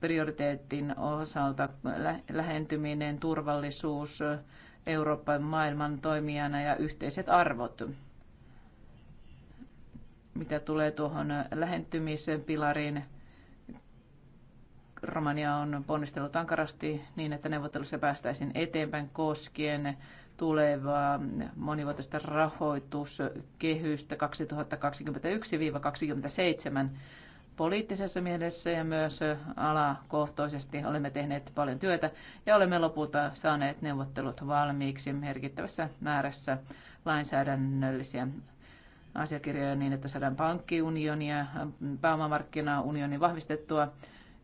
prioriteetin osalta lähentyminen, turvallisuus, Euroopan maailman toimijana ja yhteiset arvot. Mitä tulee tuohon lähentymisen pilariin, Romania on ponnistellut ankarasti niin, että neuvottelussa päästäisiin eteenpäin koskien tulevaa monivuotista rahoituskehystä 2021-2027 poliittisessa mielessä ja myös alakohtaisesti olemme tehneet paljon työtä ja olemme lopulta saaneet neuvottelut valmiiksi merkittävässä määrässä lainsäädännöllisiä asiakirjoja niin, että saadaan ja pääomamarkkinaunioni vahvistettua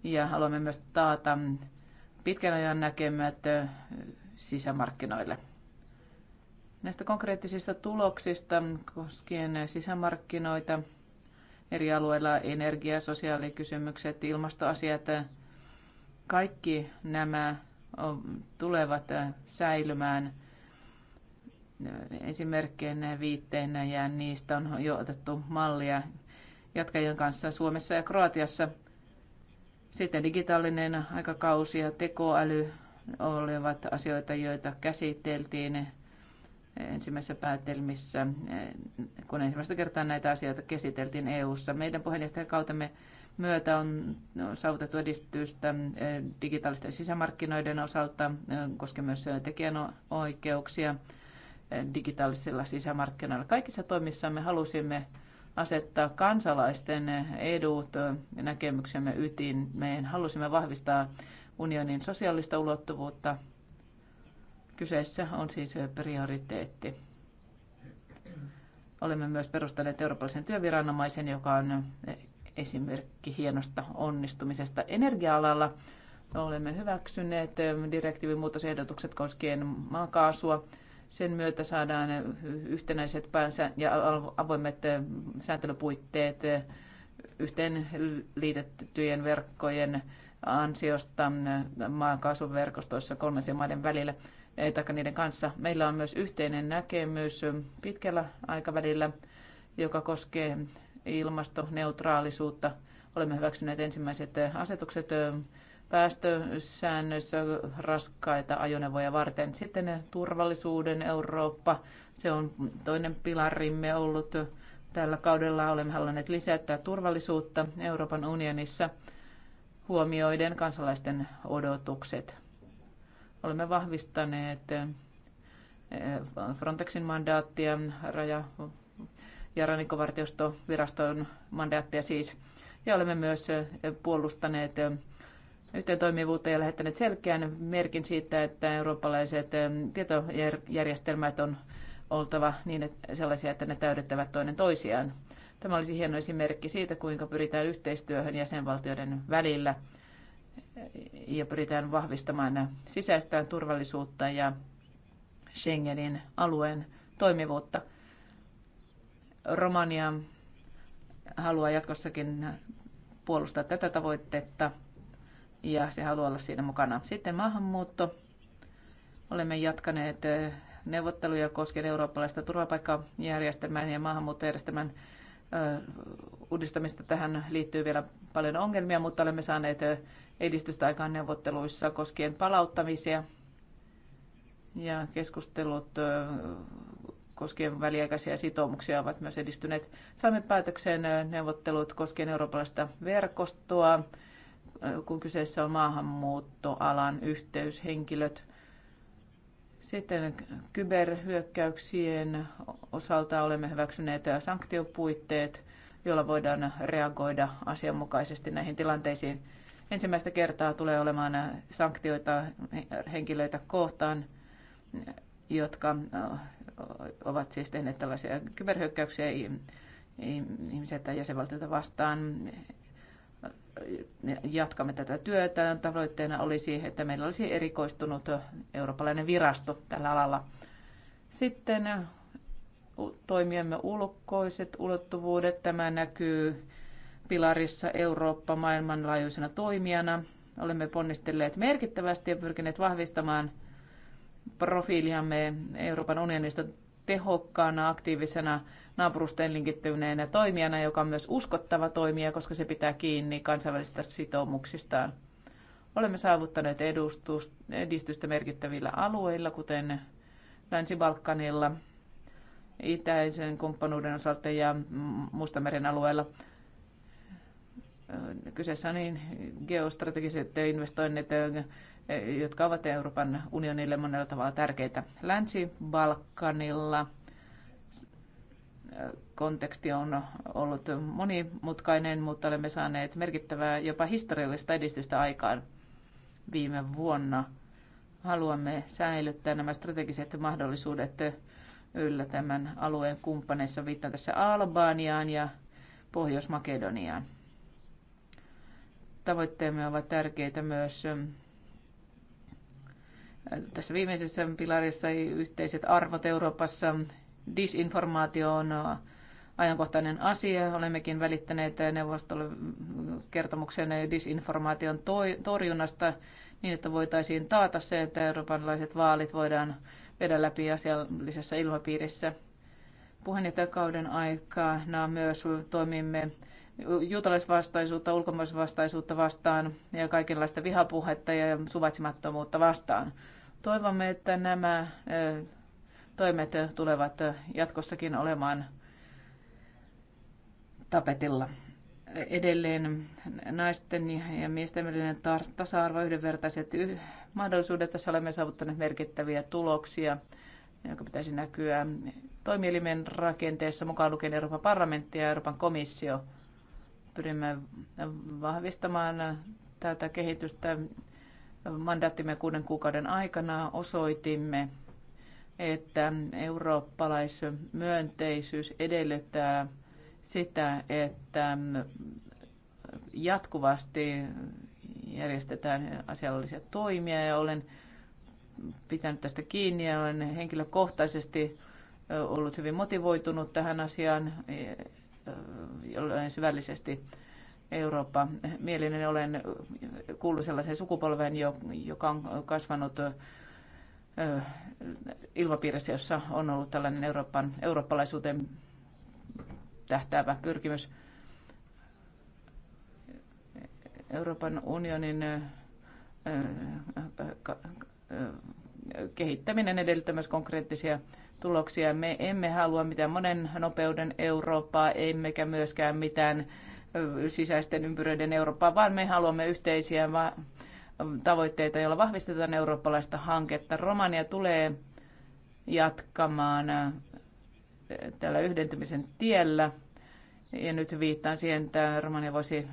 ja haluamme myös taata pitkän ajan näkemät sisämarkkinoille. Näistä konkreettisista tuloksista koskien sisämarkkinoita – eri alueilla, energia, sosiaalikysymykset, ilmastoasiat, kaikki nämä tulevat säilymään esimerkkeinä ja viitteinä ja niistä on jo otettu mallia jatkajien kanssa Suomessa ja Kroatiassa. Sitten digitaalinen aikakausi ja tekoäly olivat asioita, joita käsiteltiin ensimmäisissä päätelmissä, eh, kun ensimmäistä kertaa näitä asioita käsiteltiin EU-ssa. Meidän kautemme myötä on no, saavutettu edistystä eh, digitaalisten sisämarkkinoiden osalta, eh, koska myös tekijänoikeuksia digitaalisilla sisämarkkinoilla. Kaikissa toimissa me halusimme asettaa kansalaisten edut näkemyksemme ytiin. Me halusimme vahvistaa unionin sosiaalista ulottuvuutta Kyseessä on siis prioriteetti. Olemme myös perustaneet eurooppalaisen työviranomaisen, joka on esimerkki hienosta onnistumisesta energia-alalla. Olemme hyväksyneet direktiivin muutosehdotukset koskien maakaasua. Sen myötä saadaan yhtenäiset ja avoimet sääntelypuitteet yhteen liitettyjen verkkojen ansiosta maakaasun verkostoissa kolmansien maiden välillä tai niiden kanssa. Meillä on myös yhteinen näkemys pitkällä aikavälillä, joka koskee ilmastoneutraalisuutta. Olemme hyväksyneet ensimmäiset asetukset päästösäännöissä raskaita ajoneuvoja varten. Sitten turvallisuuden Eurooppa, se on toinen pilarimme ollut tällä kaudella. Olemme halunneet lisätä turvallisuutta Euroopan unionissa huomioiden kansalaisten odotukset. Olemme vahvistaneet eh, Frontexin mandaattia, raja- ja rannikkovartiostoviraston mandaattia siis. Ja olemme myös eh, puolustaneet eh, yhteen toimivuutta ja lähettäneet selkeän merkin siitä, että eurooppalaiset tietojärjestelmät on oltava niin että sellaisia, että ne täydettävät toinen toisiaan. Tämä olisi hieno esimerkki siitä, kuinka pyritään yhteistyöhön jäsenvaltioiden välillä – ja pyritään vahvistamaan sisäistä turvallisuutta ja Schengenin alueen toimivuutta. Romania haluaa jatkossakin puolustaa tätä tavoitetta ja se haluaa olla siinä mukana. Sitten maahanmuutto. Olemme jatkaneet neuvotteluja koskien eurooppalaista turvapaikkajärjestelmän ja maahanmuuttojärjestelmän uudistamista. Tähän liittyy vielä paljon ongelmia, mutta olemme saaneet edistystä aikaan neuvotteluissa koskien palauttamisia ja keskustelut koskien väliaikaisia sitoumuksia ovat myös edistyneet. Saamme päätökseen neuvottelut koskien eurooppalaista verkostoa, kun kyseessä on maahanmuuttoalan yhteyshenkilöt. Sitten kyberhyökkäyksien osalta olemme hyväksyneet sanktiopuitteet jolla voidaan reagoida asianmukaisesti näihin tilanteisiin. Ensimmäistä kertaa tulee olemaan sanktioita henkilöitä kohtaan, jotka ovat siis tehneet tällaisia kyberhyökkäyksiä ihmisiä tai jäsenvaltioita vastaan. Jatkamme tätä työtä. Tavoitteena olisi, että meillä olisi erikoistunut eurooppalainen virasto tällä alalla. Sitten toimiemme ulkoiset ulottuvuudet. Tämä näkyy pilarissa Eurooppa maailmanlaajuisena toimijana. Olemme ponnistelleet merkittävästi ja pyrkineet vahvistamaan profiiliamme Euroopan unionista tehokkaana, aktiivisena, naapurusten linkittyneenä toimijana, joka on myös uskottava toimija, koska se pitää kiinni kansainvälisistä sitoumuksistaan. Olemme saavuttaneet edustus, edistystä merkittävillä alueilla, kuten Länsi-Balkanilla, itäisen kumppanuuden osalta ja Mustameren alueella. Kyseessä on niin geostrategiset investoinnit, jotka ovat Euroopan unionille monella tavalla tärkeitä. Länsi-Balkanilla konteksti on ollut monimutkainen, mutta olemme saaneet merkittävää jopa historiallista edistystä aikaan viime vuonna. Haluamme säilyttää nämä strategiset mahdollisuudet yllä tämän alueen kumppaneissa. Viittaan tässä Albaniaan ja Pohjois-Makedoniaan. Tavoitteemme ovat tärkeitä myös ähm, tässä viimeisessä pilarissa yhteiset arvot Euroopassa. Disinformaatio on äh, ajankohtainen asia. Olemmekin välittäneet neuvostolle kertomuksen disinformaation torjunnasta niin, että voitaisiin taata se, että eurooppalaiset vaalit voidaan vedä läpi asiallisessa ilmapiirissä. Puheenjohtajakauden aikana myös toimimme juutalaisvastaisuutta, ulkomaisvastaisuutta vastaan ja kaikenlaista vihapuhetta ja suvaitsemattomuutta vastaan. Toivomme, että nämä toimet tulevat jatkossakin olemaan tapetilla. Edelleen naisten ja miesten välinen tasa-arvo, yhdenvertaiset mahdollisuudet. että olemme saavuttaneet merkittäviä tuloksia, joka pitäisi näkyä toimielimen rakenteessa, mukaan lukien Euroopan parlamentti ja Euroopan komissio. Pyrimme vahvistamaan tätä kehitystä. Mandaattimme kuuden kuukauden aikana osoitimme, että eurooppalaismyönteisyys edellyttää sitä, että jatkuvasti järjestetään asiallisia toimia ja olen pitänyt tästä kiinni ja olen henkilökohtaisesti ollut hyvin motivoitunut tähän asiaan. E, olen syvällisesti Eurooppa mielinen. Olen kuullut sellaisen sukupolven, joka on kasvanut ilmapiirissä, jossa on ollut tällainen Euroopan, eurooppalaisuuteen tähtäävä pyrkimys – Euroopan unionin kehittäminen edellyttää myös konkreettisia tuloksia. Me emme halua mitään monen nopeuden Eurooppaa, emmekä myöskään mitään sisäisten ympyröiden Eurooppaa, vaan me haluamme yhteisiä tavoitteita, joilla vahvistetaan eurooppalaista hanketta. Romania tulee jatkamaan tällä yhdentymisen tiellä ja nyt viittaan siihen, että Romania voisi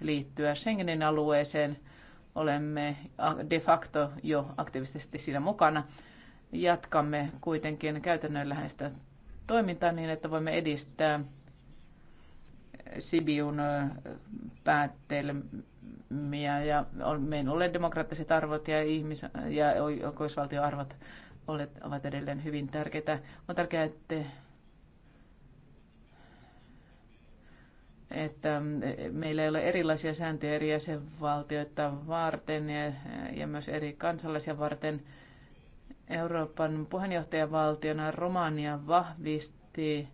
liittyä Schengenin alueeseen. Olemme de facto jo aktiivisesti siinä mukana. Jatkamme kuitenkin käytännönläheistä toimintaa niin, että voimme edistää Sibiun päättelmiä ja meidän meillä demokraattiset arvot ja, ihmis- ja oikeusvaltioarvot ovat edelleen hyvin tärkeitä. On tärkeää, että että mm, meillä ei ole erilaisia sääntöjä eri jäsenvaltioita varten ja, ja myös eri kansalaisia varten. Euroopan puheenjohtajavaltiona Romania vahvisti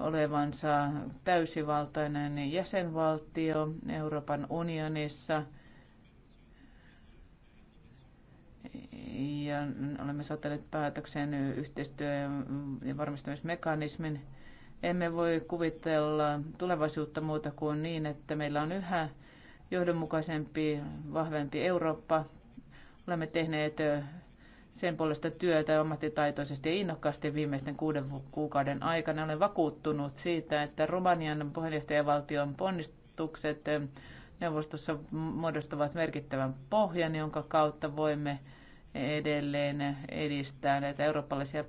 olevansa täysivaltainen jäsenvaltio Euroopan unionissa. Ja olemme saattaneet päätöksen yhteistyö- ja varmistamismekanismin emme voi kuvitella tulevaisuutta muuta kuin niin, että meillä on yhä johdonmukaisempi, vahvempi Eurooppa. Olemme tehneet sen puolesta työtä ammattitaitoisesti ja innokkaasti viimeisten kuuden kuukauden aikana. Olen vakuuttunut siitä, että Romanian puheenjohtajavaltion ponnistukset neuvostossa muodostavat merkittävän pohjan, jonka kautta voimme edelleen edistää näitä eurooppalaisia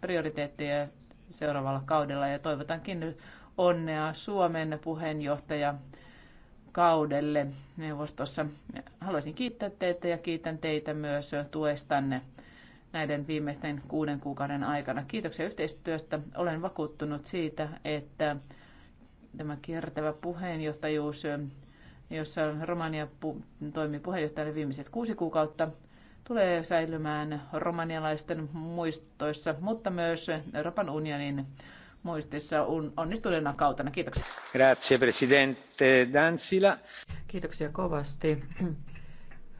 prioriteetteja seuraavalla kaudella ja toivotankin onnea Suomen puheenjohtaja kaudelle neuvostossa. Haluaisin kiittää teitä ja kiitän teitä myös tuestanne näiden viimeisten kuuden kuukauden aikana. Kiitoksia yhteistyöstä. Olen vakuuttunut siitä, että tämä kiertävä puheenjohtajuus, jossa Romania toimii puheenjohtajana viimeiset kuusi kuukautta, tulee säilymään romanialaisten muistoissa, mutta myös Euroopan unionin muistissa onnistuneena kautena. Kiitoksia. Grazie, presidente Danzila. Kiitoksia kovasti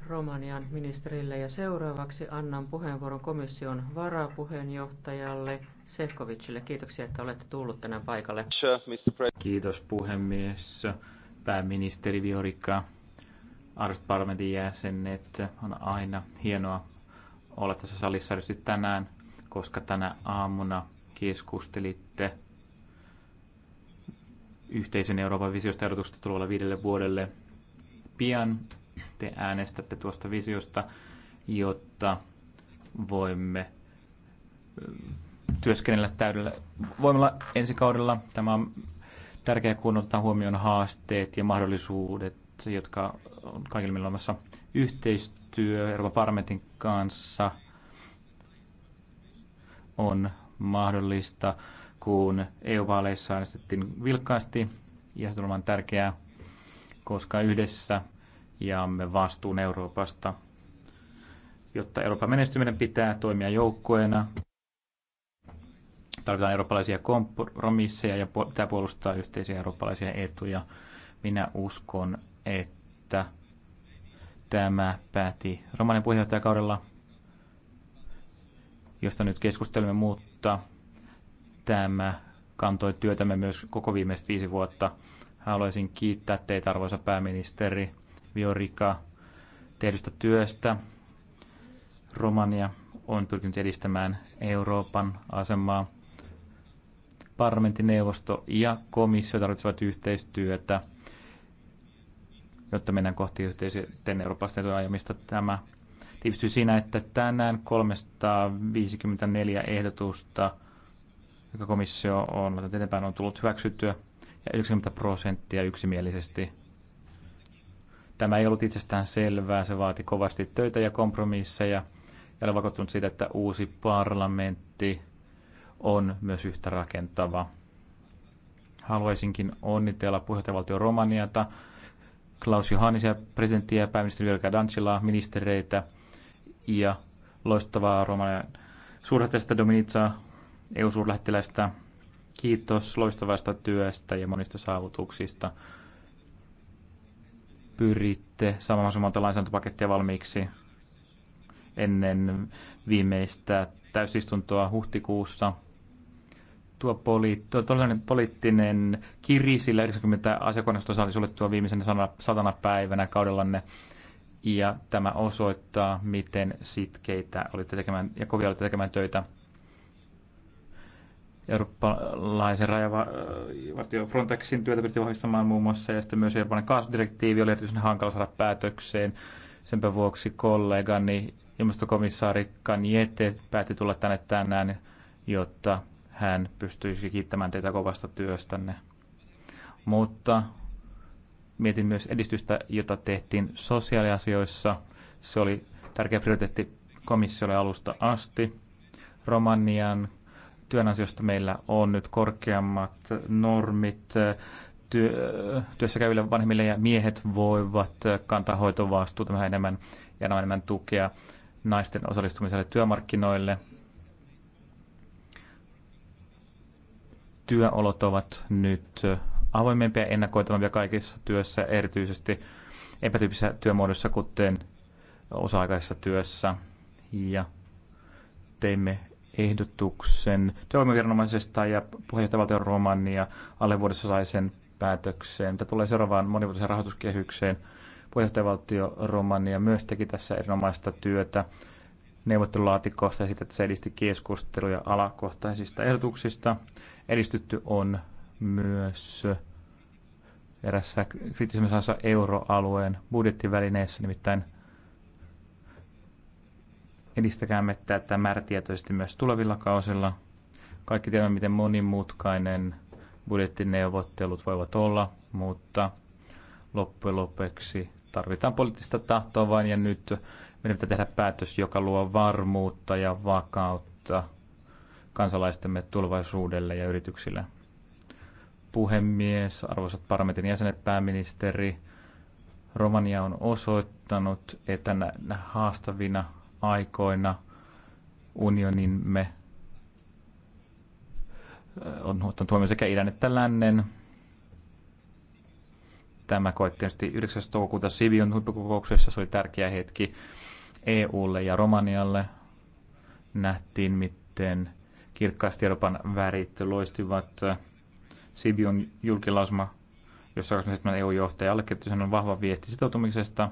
Romanian ministerille ja seuraavaksi annan puheenvuoron komission varapuheenjohtajalle Sefkovicille. Kiitoksia, että olette tullut tänään paikalle. Kiitos puhemies, pääministeri Viorikka arvoisat parlamentin jäsenet, on aina hienoa olla tässä salissa tänään, koska tänä aamuna keskustelitte yhteisen Euroopan visiosta ehdotuksesta tulevalle viidelle vuodelle. Pian te äänestätte tuosta visiosta, jotta voimme työskennellä täydellä voimalla ensi kaudella. Tämä on tärkeää, kun ottaa huomioon haasteet ja mahdollisuudet, jotka on kaikilla meillä olemassa yhteistyö Euroopan parlamentin kanssa on mahdollista, kun EU-vaaleissa äänestettiin vilkkaasti ja se on tärkeää, koska yhdessä jaamme vastuun Euroopasta. Jotta Euroopan menestyminen pitää toimia joukkoina, tarvitaan eurooppalaisia kompromisseja ja pitää puolustaa yhteisiä eurooppalaisia etuja. Minä uskon, että tämä päätti Romanin puheenjohtajakaudella, josta nyt keskustelemme, mutta tämä kantoi työtämme myös koko viimeiset viisi vuotta. Haluaisin kiittää teitä, arvoisa pääministeri Viorika, tehdystä työstä. Romania on pyrkinyt edistämään Euroopan asemaa. Parlamentin neuvosto ja komissio tarvitsevat yhteistyötä – jotta mennään kohti yhteisten eurooppalaisten etujen ajamista. Tämä tiivistyy siinä, että tänään 354 ehdotusta, joka komissio on eteenpäin, on tullut hyväksyttyä ja 90 prosenttia yksimielisesti. Tämä ei ollut itsestään selvää, se vaati kovasti töitä ja kompromisseja ja olen vakuuttunut siitä, että uusi parlamentti on myös yhtä rakentava. Haluaisinkin onnitella puheenjohtajavaltio Romaniata Klaus Johannisia, presidenttiä ja pääministeri Jyrkä Dancilaa, ministereitä ja loistavaa Romanian suurlähettilästä Dominica, EU-suurlähettilästä. Kiitos loistavasta työstä ja monista saavutuksista. Pyritte saamaan monta lainsäädäntöpakettia valmiiksi ennen viimeistä täysistuntoa huhtikuussa – tuo poli, tuo, poliittinen kiri, sillä 90 asiakonestosta oli suljettua viimeisen satana päivänä kaudellanne. Ja tämä osoittaa, miten sitkeitä olitte tekemään ja kovia olitte tekemään töitä eurooppalaisen rajavartio Frontexin työtä pyrittiin vahvistamaan muun muassa, ja sitten myös Euroopan kaasudirektiivi oli erityisen hankala saada päätökseen. Senpä vuoksi kollegani ilmastokomissaari Kanjete päätti tulla tänne tänään, jotta hän pystyisi kiittämään teitä kovasta työstänne. Mutta mietin myös edistystä, jota tehtiin sosiaaliasioissa. Se oli tärkeä prioriteetti komissiolle alusta asti. Romanian työnansiosta meillä on nyt korkeammat normit. Työ, työssä käyville vanhemmille ja miehet voivat kantaa hoitovastuuta vähän enemmän ja enemmän tukea naisten osallistumiselle työmarkkinoille. työolot ovat nyt avoimempia ja ennakoitavampia kaikissa työssä, erityisesti epätyypisissä työmuodoissa, kuten osa-aikaisessa työssä. Ja teimme ehdotuksen työvoimaviranomaisesta ja puheenjohtajavaltion Romania alle vuodessa sai sen päätökseen. Mitä tulee seuraavaan monivuotiseen rahoituskehykseen, puheenjohtajavaltio Romania myös teki tässä erinomaista työtä neuvottelulaatikosta ja sitten se edisti keskusteluja alakohtaisista ehdotuksista Edistytty on myös erässä kriittisemmässä euroalueen budjettivälineessä, nimittäin edistäkäämme tätä määrätietoisesti myös tulevilla kausilla. Kaikki tiedämme, miten monimutkainen budjettineuvottelut voivat olla, mutta loppujen lopuksi tarvitaan poliittista tahtoa vain ja nyt meidän pitää tehdä päätös, joka luo varmuutta ja vakautta kansalaistemme tulevaisuudelle ja yrityksille. Puhemies, arvoisat parlamentin jäsenet, pääministeri, Romania on osoittanut, että näinä haastavina aikoina unionimme on ottanut huomioon sekä idän että lännen. Tämä koettiin tietysti 9. toukokuuta Sivion huippukokouksessa. Se oli tärkeä hetki EUlle ja Romanialle. Nähtiin, miten kirkkaasti Euroopan värit loistivat. Sibion julkilausuma, jossa 27 EU-johtaja allekirjoitti on vahva viesti sitoutumisesta,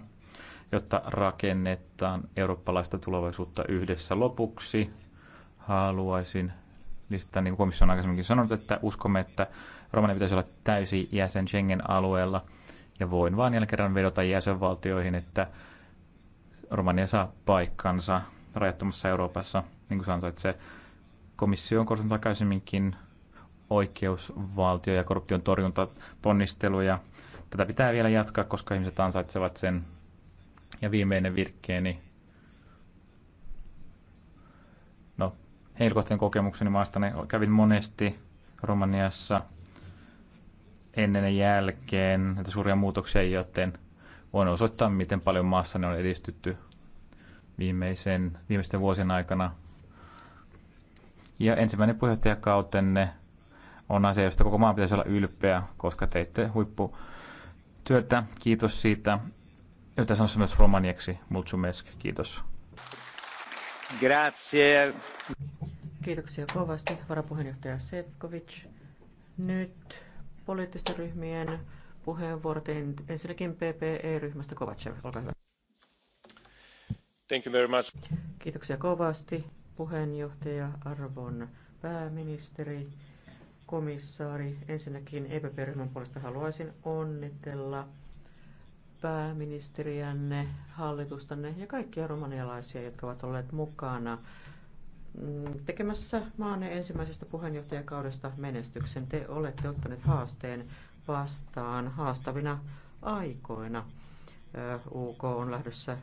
jotta rakennetaan eurooppalaista tulevaisuutta yhdessä lopuksi. Haluaisin lisätä, niin kuin komissio on aikaisemminkin sanonut, että uskomme, että Romania pitäisi olla täysi jäsen Schengen-alueella. Ja voin vain jälleen kerran vedota jäsenvaltioihin, että Romania saa paikkansa rajattomassa Euroopassa, niin kuin se ansaitsee komissio on korostanut aikaisemminkin oikeusvaltio- ja korruption torjuntaponnisteluja. Tätä pitää vielä jatkaa, koska ihmiset ansaitsevat sen. Ja viimeinen virkkeeni. No, henkilökohtainen kokemukseni maasta kävin monesti Romaniassa ennen ja jälkeen näitä suuria muutoksia, ei joten voin osoittaa, miten paljon maassa ne on edistytty viimeisen, viimeisten vuosien aikana – ja ensimmäinen puheenjohtajakautenne on asia, josta koko maan pitäisi olla ylpeä, koska teitte huipputyötä. Kiitos siitä. Yritän sanoa myös romaniaksi. Mulțumesc. Kiitos. Grazie. Kiitoksia kovasti, varapuheenjohtaja Sefkovic. Nyt poliittisten ryhmien puheenvuorot. Ensinnäkin PPE-ryhmästä Kovacev, olkaa hyvä. Thank you very much. Kiitoksia kovasti puheenjohtaja, arvon pääministeri, komissaari. Ensinnäkin EPP-ryhmän puolesta haluaisin onnitella pääministeriänne, hallitustanne ja kaikkia romanialaisia, jotka ovat olleet mukana mm, tekemässä maanne ensimmäisestä puheenjohtajakaudesta menestyksen. Te olette ottaneet haasteen vastaan haastavina aikoina. UK on lähdössä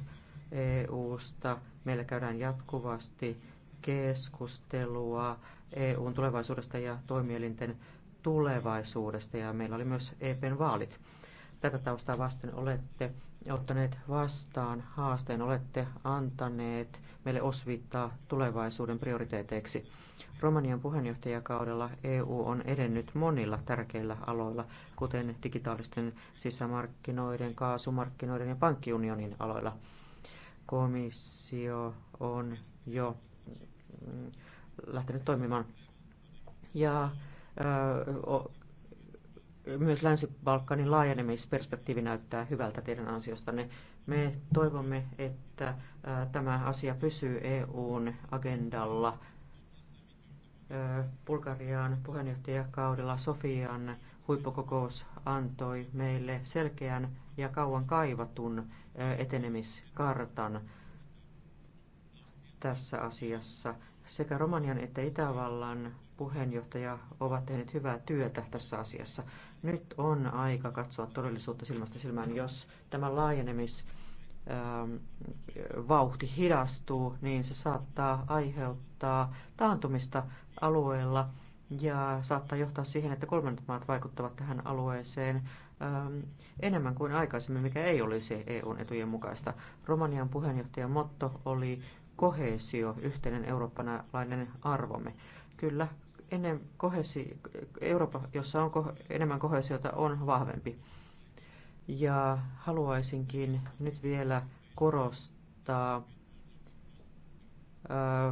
EU-sta. Meillä käydään jatkuvasti keskustelua EUn tulevaisuudesta ja toimielinten tulevaisuudesta ja meillä oli myös EPn vaalit. Tätä taustaa vasten olette ottaneet vastaan haasteen, olette antaneet meille osviittaa tulevaisuuden prioriteeteiksi. Romanian puheenjohtajakaudella EU on edennyt monilla tärkeillä aloilla, kuten digitaalisten sisämarkkinoiden, kaasumarkkinoiden ja pankkiunionin aloilla. Komissio on jo Mm, lähtenyt toimimaan. Ja myös Länsi-Balkanin laajenemisperspektiivi näyttää hyvältä teidän ansiostanne. Me toivomme, että tämä asia pysyy EUn agendalla. Bulgarian puheenjohtajakaudella Sofian huippukokous antoi meille selkeän ja kauan kaivatun etenemiskartan tässä asiassa. Sekä Romanian että Itävallan puheenjohtaja ovat tehneet hyvää työtä tässä asiassa. Nyt on aika katsoa todellisuutta silmästä silmään. Jos tämä laajenemis ähm, vauhti hidastuu, niin se saattaa aiheuttaa taantumista alueella ja saattaa johtaa siihen, että kolmannet maat vaikuttavat tähän alueeseen ähm, enemmän kuin aikaisemmin, mikä ei olisi EUn etujen mukaista. Romanian puheenjohtajan motto oli kohesio, yhteinen eurooppalainen arvomme. Kyllä, ennen kohesi, Eurooppa, jossa on enemmän kohesiota, on vahvempi. Ja haluaisinkin nyt vielä korostaa äh,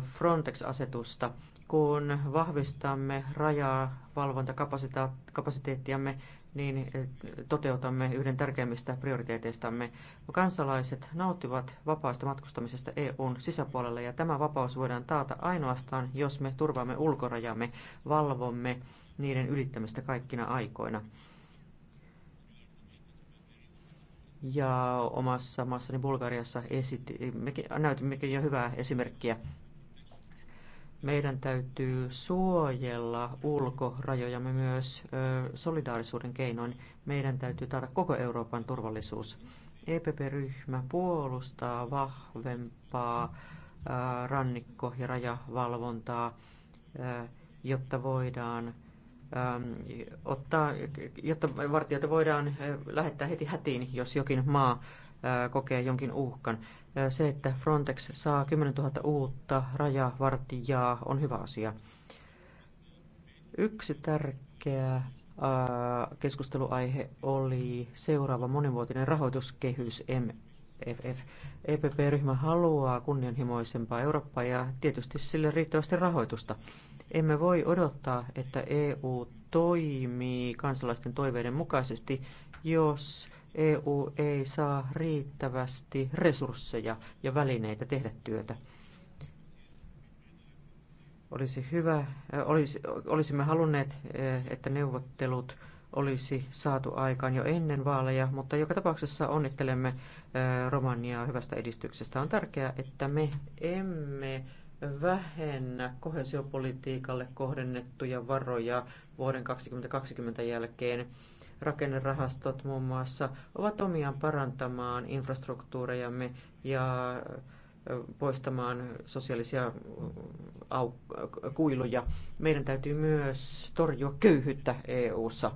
Frontex-asetusta, kun vahvistamme rajavalvontakapasiteettiamme, niin eh, toteutamme yhden tärkeimmistä prioriteeteistamme. Kansalaiset nauttivat vapaasta matkustamisesta EUn sisäpuolella ja tämä vapaus voidaan taata ainoastaan, jos me turvaamme ulkorajamme, valvomme niiden ylittämistä kaikkina aikoina. Ja omassa maassani Bulgariassa esitti, näytimmekin jo hyvää esimerkkiä meidän täytyy suojella ulkorajojamme myös solidaarisuuden keinoin. Meidän täytyy taata koko Euroopan turvallisuus. EPP-ryhmä puolustaa vahvempaa rannikko- ja rajavalvontaa, jotta voidaan ottaa, jotta vartijoita voidaan lähettää heti hätiin, jos jokin maa kokea jonkin uhkan. Se, että Frontex saa 10 000 uutta rajavartijaa, on hyvä asia. Yksi tärkeä keskusteluaihe oli seuraava monivuotinen rahoituskehys MFF. EPP-ryhmä haluaa kunnianhimoisempaa Eurooppaa ja tietysti sille riittävästi rahoitusta. Emme voi odottaa, että EU toimii kansalaisten toiveiden mukaisesti, jos EU ei saa riittävästi resursseja ja välineitä tehdä työtä. Olisi hyvä, äh, olisi, olisimme halunneet, äh, että neuvottelut olisi saatu aikaan jo ennen vaaleja, mutta joka tapauksessa onnittelemme äh, Romaniaa hyvästä edistyksestä. On tärkeää, että me emme vähennä kohesiopolitiikalle kohdennettuja varoja vuoden 2020 jälkeen. Rakennerahastot muun muassa ovat omiaan parantamaan infrastruktuurejamme ja poistamaan sosiaalisia kuiluja. Meidän täytyy myös torjua köyhyyttä EU:ssa.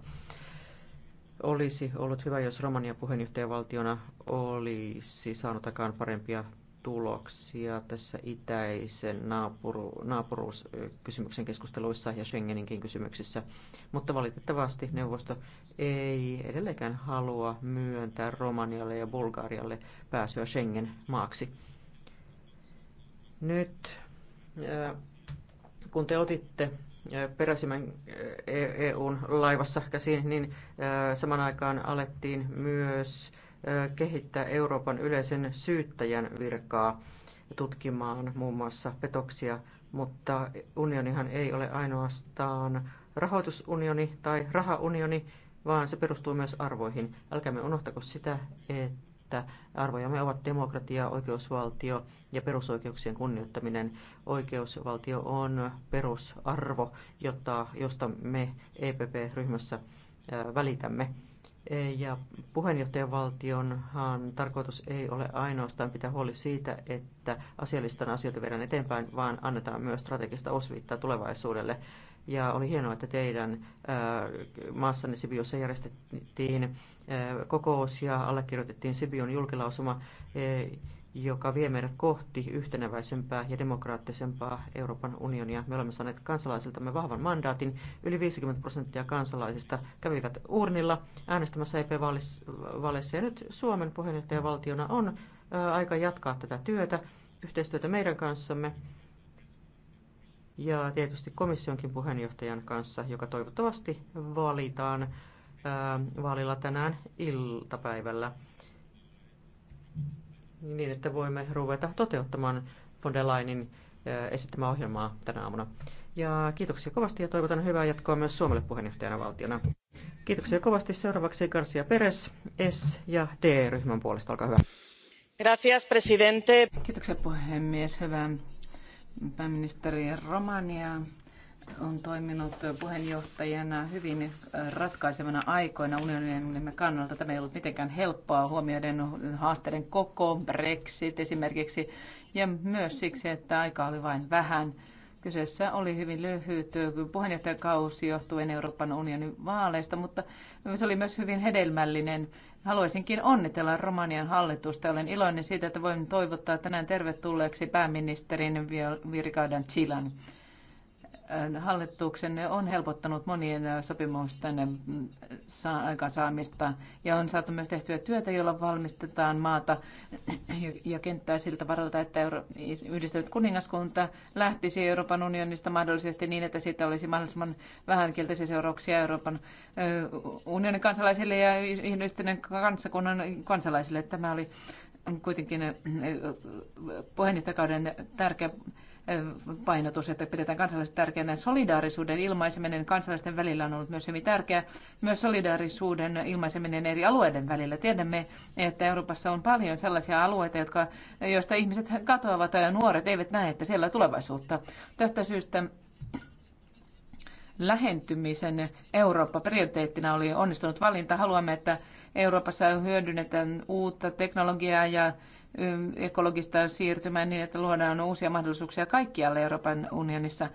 Olisi ollut hyvä, jos Romania puheenjohtajavaltiona olisi saanut aikaan parempia tuloksia tässä itäisen naapuru, naapuruuskysymyksen keskusteluissa ja Schengeninkin kysymyksissä, mutta valitettavasti neuvosto ei edelleenkään halua myöntää Romanialle ja Bulgarialle pääsyä Schengen-maaksi. Nyt äh, kun te otitte äh, peräsimän äh, EUn e-, e-, laivassa käsiin, niin saman aikaan alettiin myös kehittää Euroopan yleisen syyttäjän virkaa tutkimaan muun muassa petoksia, mutta unionihan ei ole ainoastaan rahoitusunioni tai rahaunioni, vaan se perustuu myös arvoihin. Älkäämme unohtako sitä, että arvojamme ovat demokratia, oikeusvaltio ja perusoikeuksien kunnioittaminen. Oikeusvaltio on perusarvo, jota, josta me EPP-ryhmässä välitämme. Eh, ja puheenjohtajavaltionhan tarkoitus ei ole ainoastaan pitää huoli siitä, että asialistan asioita viedään eteenpäin, vaan annetaan myös strategista osviittaa tulevaisuudelle. Ja oli hienoa, että teidän äh, maassanne Sibiossa järjestettiin äh, kokous ja allekirjoitettiin Sibion julkilausuma, eh, joka vie meidät kohti yhteneväisempää ja demokraattisempaa Euroopan unionia. Me olemme saaneet kansalaisiltamme vahvan mandaatin. Yli 50 prosenttia kansalaisista kävivät urnilla äänestämässä EP-vaaleissa. Ja nyt Suomen puheenjohtajavaltiona on aika jatkaa tätä työtä, yhteistyötä meidän kanssamme ja tietysti komissionkin puheenjohtajan kanssa, joka toivottavasti valitaan vaalilla tänään iltapäivällä niin, että voimme ruveta toteuttamaan von der Leinin esittämää ohjelmaa tänä aamuna. Ja kiitoksia kovasti ja toivotan hyvää jatkoa myös Suomelle puheenjohtajana valtiona. Kiitoksia kovasti. Seuraavaksi Garcia Perez, S- ja D-ryhmän puolesta. Olkaa hyvä. Gracias, presidente. Kiitoksia puhemies. Hyvää pääministeri Romania on toiminut puheenjohtajana hyvin äh, ratkaisevana aikoina unionin kannalta. Tämä ei ollut mitenkään helppoa huomioiden haasteiden koko, Brexit esimerkiksi, ja myös siksi, että aika oli vain vähän. Kyseessä oli hyvin lyhyt puheenjohtajakausi johtuen Euroopan unionin vaaleista, mutta se oli myös hyvin hedelmällinen. Haluaisinkin onnitella Romanian hallitusta. Olen iloinen siitä, että voin toivottaa tänään tervetulleeksi pääministerin Virkauden Chilan hallituksenne on helpottanut monien sopimusten aikaansaamista ja on saatu myös tehtyä työtä, jolla valmistetaan maata ja kenttää siltä varalta, että Euro- yhdistynyt kuningaskunta lähtisi Euroopan unionista mahdollisesti niin, että siitä olisi mahdollisimman vähän kielteisiä seurauksia Euroopan unionin kansalaisille ja yhdistyneen kansakunnan kansalaisille. Tämä oli kuitenkin puheenjohtajakauden tärkeä painotus, että pidetään kansalaiset tärkeänä. Solidaarisuuden ilmaiseminen kansalaisten välillä on ollut myös hyvin tärkeä. Myös solidaarisuuden ilmaiseminen eri alueiden välillä. Tiedämme, että Euroopassa on paljon sellaisia alueita, jotka, joista ihmiset katoavat ja nuoret eivät näe, että siellä on tulevaisuutta. Tästä syystä lähentymisen Eurooppa prioriteettina oli onnistunut valinta. Haluamme, että Euroopassa hyödynnetään uutta teknologiaa ja ekologista siirtymää niin, että luodaan uusia mahdollisuuksia kaikkialle Euroopan unionissa.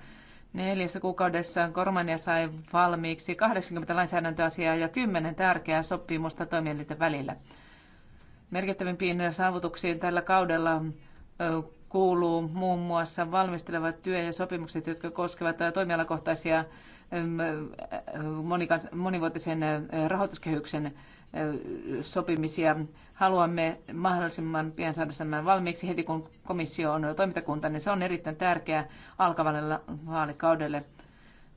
Neljässä kuukaudessa Romania sai valmiiksi 80 lainsäädäntöasiaa ja 10 tärkeää sopimusta toimielinten välillä. Merkittävimpiin saavutuksiin tällä kaudella kuuluu muun muassa valmistelevat työ ja sopimukset, jotka koskevat toimialakohtaisia monivuotisen rahoituskehyksen sopimisia. Haluamme mahdollisimman pian saada tämän valmiiksi heti, kun komissio on toimintakunta, niin se on erittäin tärkeä alkavalle vaalikaudelle.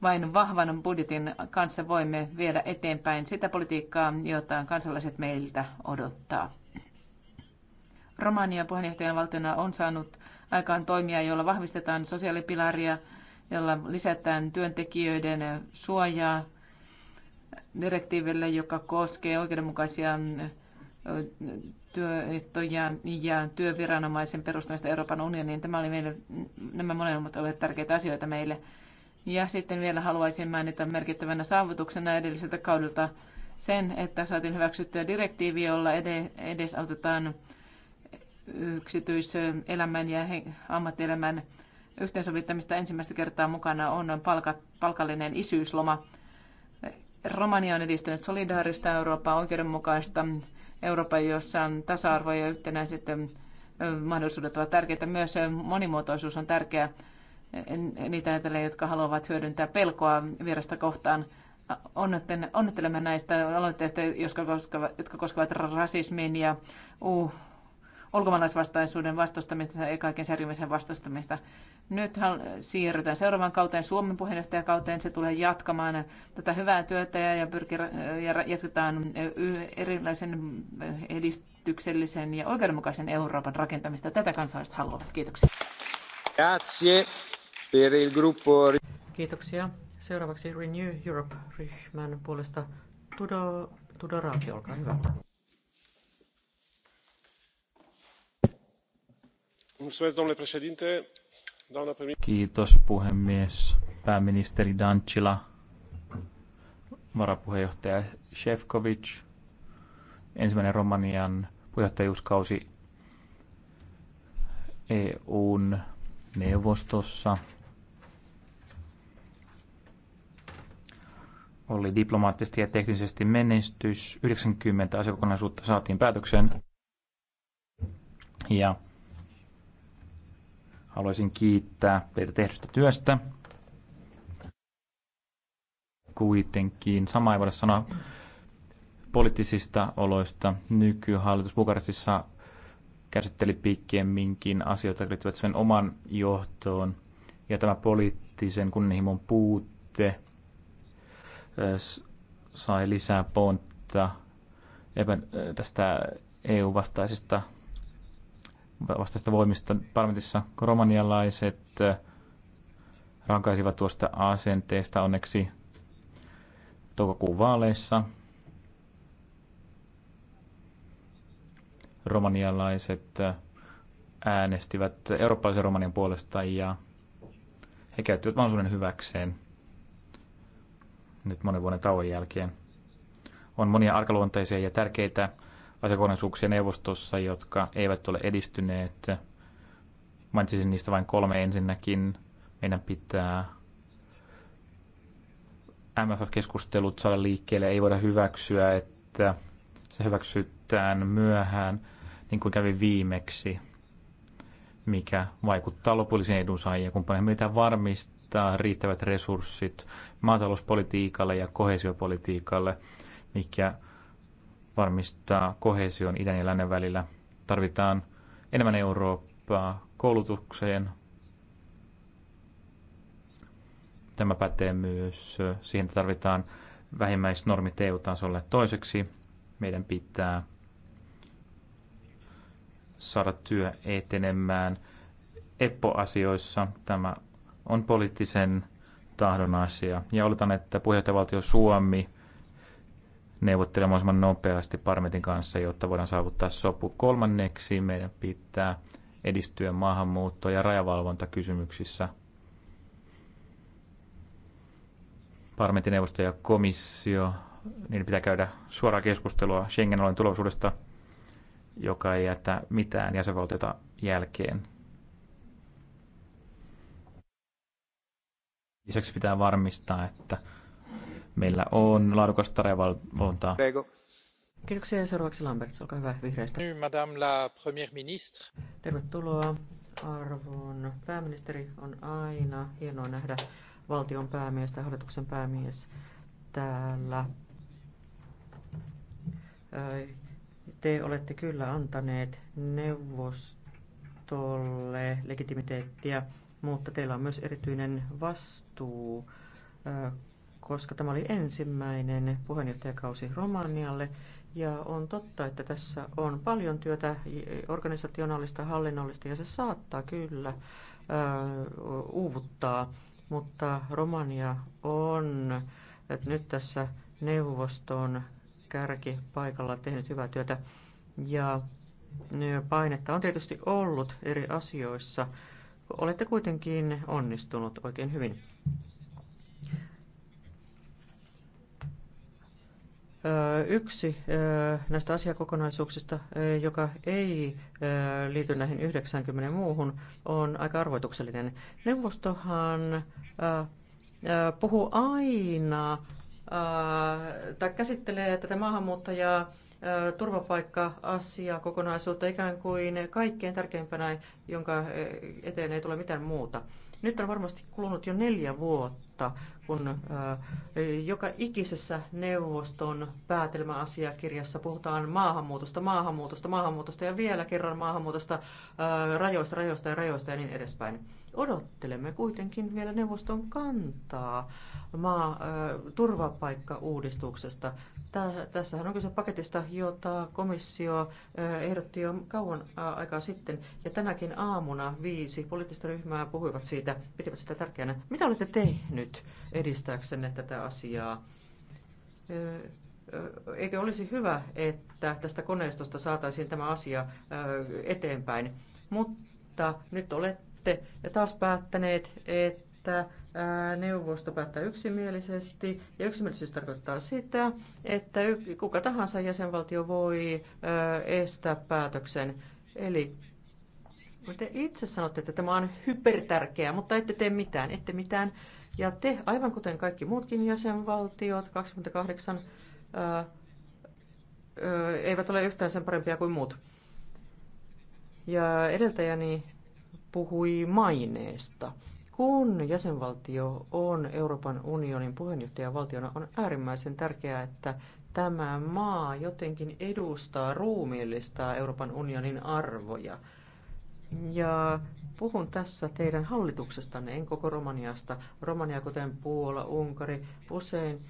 Vain vahvan budjetin kanssa voimme viedä eteenpäin sitä politiikkaa, jota kansalaiset meiltä odottaa. Romania puheenjohtajan valtiona on saanut aikaan toimia, joilla vahvistetaan sosiaalipilaria, jolla lisätään työntekijöiden suojaa, direktiiville, joka koskee oikeudenmukaisia työehtoja ja työviranomaisen perustamista Euroopan unioniin. Tämä oli meille, nämä molemmat olivat tärkeitä asioita meille. Ja sitten vielä haluaisin mainita merkittävänä saavutuksena edelliseltä kaudelta sen, että saatiin hyväksyttyä direktiivi, jolla edesautetaan yksityiselämän ja ammattielämän yhteensovittamista ensimmäistä kertaa mukana on palkat, palkallinen isyysloma. Romania on edistänyt solidaarista Eurooppaa, oikeudenmukaista Eurooppaa, jossa tasa-arvo ja yhtenäiset mahdollisuudet ovat tärkeitä. Myös monimuotoisuus on tärkeä niitä ajatellen, jotka haluavat hyödyntää pelkoa vierasta kohtaan. Onnittelemme näistä aloitteista, jotka koskevat rasismin ja ulkomaalaisvastaisuuden vastustamista ja kaiken särjymisen vastustamista. Nyt siirrytään seuraavaan kauteen, Suomen puheenjohtajakauteen. Se tulee jatkamaan tätä hyvää työtä ja, pyrkii, ja jatketaan erilaisen edistyksellisen ja oikeudenmukaisen Euroopan rakentamista. Tätä kansalaiset haluavat. Kiitoksia. Grazie per il gruppo. Kiitoksia. Seuraavaksi Renew Europe-ryhmän puolesta Tudor, Tudoraati, olkaa hyvä. Kiitos puhemies. Pääministeri Dancila, varapuheenjohtaja Shevkovic, ensimmäinen Romanian puheenjohtajuuskausi EUn neuvostossa oli diplomaattisesti ja teknisesti menestys. 90 asiakokonaisuutta saatiin päätökseen. Ja Haluaisin kiittää teitä tehdystä työstä. Kuitenkin sama ei voida sanoa poliittisista oloista. Nykyhallitus Bukarestissa käsitteli pikemminkin asioita, jotka liittyvät sen oman johtoon. Ja tämä poliittisen kunnianhimon puutte äh, sai lisää pontta äh, tästä EU-vastaisesta vastaista voimista parlamentissa. Romanialaiset eh, rankaisivat tuosta asenteesta onneksi toukokuun vaaleissa. Romanialaiset eh, äänestivät eurooppalaisen romanian puolesta ja he käyttivät mahdollisuuden hyväkseen nyt monen vuoden tauon jälkeen. On monia arkaluonteisia ja tärkeitä asiakokonaisuuksia neuvostossa, jotka eivät ole edistyneet. Mainitsisin niistä vain kolme ensinnäkin. Meidän pitää MFF-keskustelut saada liikkeelle. Ei voida hyväksyä, että se hyväksytään myöhään, niin kuin kävi viimeksi, mikä vaikuttaa lopullisiin edunsaajien kumppaneihin. Meitä varmistaa riittävät resurssit maatalouspolitiikalle ja kohesiopolitiikalle, mikä varmistaa kohesion idän ja lännen välillä. Tarvitaan enemmän Eurooppaa koulutukseen. Tämä pätee myös siihen, että tarvitaan vähimmäisnormit EU-tasolle. Toiseksi meidän pitää saada työ etenemään EPPO-asioissa. Tämä on poliittisen tahdon asia. Ja oletan, että puheenjohtajavaltio Suomi – neuvottelemaan nopeasti Parmetin kanssa, jotta voidaan saavuttaa sopu. Kolmanneksi meidän pitää edistyä maahanmuutto- ja rajavalvontakysymyksissä. Parlamentin neuvosto ja komissio, niin pitää käydä suoraa keskustelua Schengen-alueen tulevaisuudesta, joka ei jätä mitään jäsenvaltiota jälkeen. Lisäksi pitää varmistaa, että meillä on laadukasta tarjavalvontaa. Kiitoksia ja seuraavaksi Lambert, olkaa hyvä vihreistä. Madame la première ministre. Tervetuloa arvon. Pääministeri on aina hienoa nähdä valtion päämies tai hallituksen päämies täällä. Te olette kyllä antaneet neuvostolle legitimiteettiä, mutta teillä on myös erityinen vastuu koska tämä oli ensimmäinen puheenjohtajakausi Romanialle. Ja on totta, että tässä on paljon työtä organisationaalista, hallinnollista ja se saattaa kyllä uuvuttaa, mutta Romania on että nyt tässä neuvoston kärki paikalla tehnyt hyvää työtä ja painetta on tietysti ollut eri asioissa. Olette kuitenkin onnistunut oikein hyvin. Yksi näistä asiakokonaisuuksista, joka ei liity näihin 90 muuhun, on aika arvoituksellinen. Neuvostohan puhuu aina tai käsittelee tätä maahanmuuttajaa turvapaikka-asiaa kokonaisuutta ikään kuin kaikkein tärkeimpänä, jonka eteen ei tule mitään muuta. Nyt on varmasti kulunut jo neljä vuotta, kun joka ikisessä neuvoston päätelmäasiakirjassa puhutaan maahanmuutosta, maahanmuutosta, maahanmuutosta ja vielä kerran maahanmuutosta, rajoista, rajoista ja rajoista ja niin edespäin. Odottelemme kuitenkin vielä neuvoston kantaa maa, turvapaikkauudistuksesta. Tässähän on kyse paketista, jota komissio ehdotti jo kauan aikaa sitten. Ja tänäkin aamuna viisi poliittista ryhmää puhuivat siitä, pitivät sitä tärkeänä. Mitä olette tehnyt edistääksenne tätä asiaa? Eikö olisi hyvä, että tästä koneistosta saataisiin tämä asia eteenpäin? Mutta nyt olette ja taas päättäneet, että neuvosto päättää yksimielisesti, ja yksimielisyys tarkoittaa sitä, että kuka tahansa jäsenvaltio voi estää päätöksen. Eli te itse sanotte, että tämä on hypertärkeää, mutta ette tee mitään, ette mitään. Ja te, aivan kuten kaikki muutkin jäsenvaltiot, 28, ää, ää, eivät ole yhtään sen parempia kuin muut. Ja edeltäjäni puhui maineesta. Kun jäsenvaltio on Euroopan unionin puheenjohtajavaltiona, on äärimmäisen tärkeää, että tämä maa jotenkin edustaa, ruumiillistaa Euroopan unionin arvoja. Ja puhun tässä teidän hallituksestanne, en koko Romaniasta. Romania, kuten Puola, Unkari, usein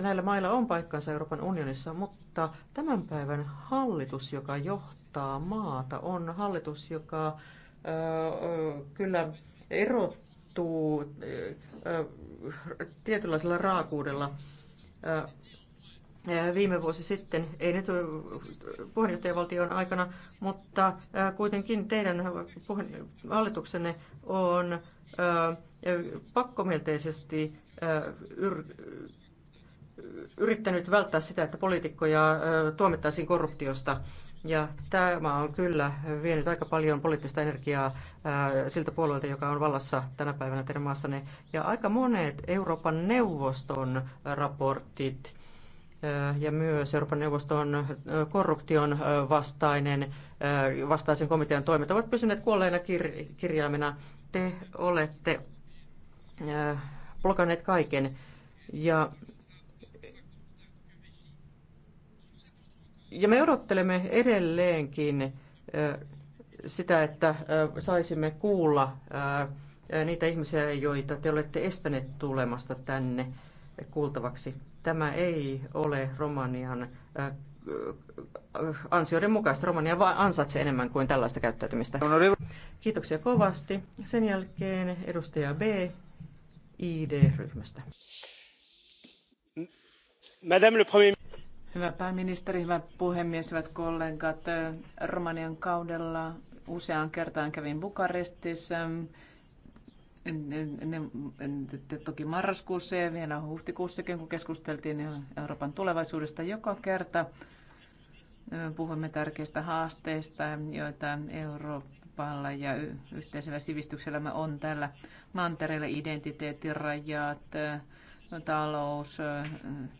näillä mailla on paikkansa Euroopan unionissa, mutta tämän päivän hallitus, joka johtaa maata, on hallitus, joka kyllä erottuu tietynlaisella raakuudella viime vuosi sitten, ei nyt puheenjohtajavaltion aikana, mutta kuitenkin teidän hallituksenne on pakkomielteisesti yrittänyt välttää sitä, että poliitikkoja tuomittaisiin korruptiosta. Ja tämä on kyllä vienyt aika paljon poliittista energiaa siltä puolueelta, joka on vallassa tänä päivänä teidän maassanne. Ja aika monet Euroopan neuvoston raportit ja myös Euroopan neuvoston korruption vastainen, vastaisen komitean toimet ovat pysyneet kuolleena kir- kirjaimena. Te olette blokanneet kaiken ja Ja me odottelemme edelleenkin sitä, että saisimme kuulla niitä ihmisiä, joita te olette estäneet tulemasta tänne kuultavaksi. Tämä ei ole Romanian ansioiden mukaista. Romania vaan ansaitsee enemmän kuin tällaista käyttäytymistä. Kiitoksia kovasti. Sen jälkeen edustaja B. ID-ryhmästä. Madame le Premier Hyvä pääministeri, hyvä puhemies, hyvät kollegat. Romanian kaudella useaan kertaan kävin Bukarestissa. Ne, ne, toki marraskuussa ja vielä huhtikuussakin, kun keskusteltiin Euroopan tulevaisuudesta joka kerta. Puhumme tärkeistä haasteista, joita Euroopalla ja yhteisellä sivistyksellämme on tällä mantereella, identiteettirajat, talous,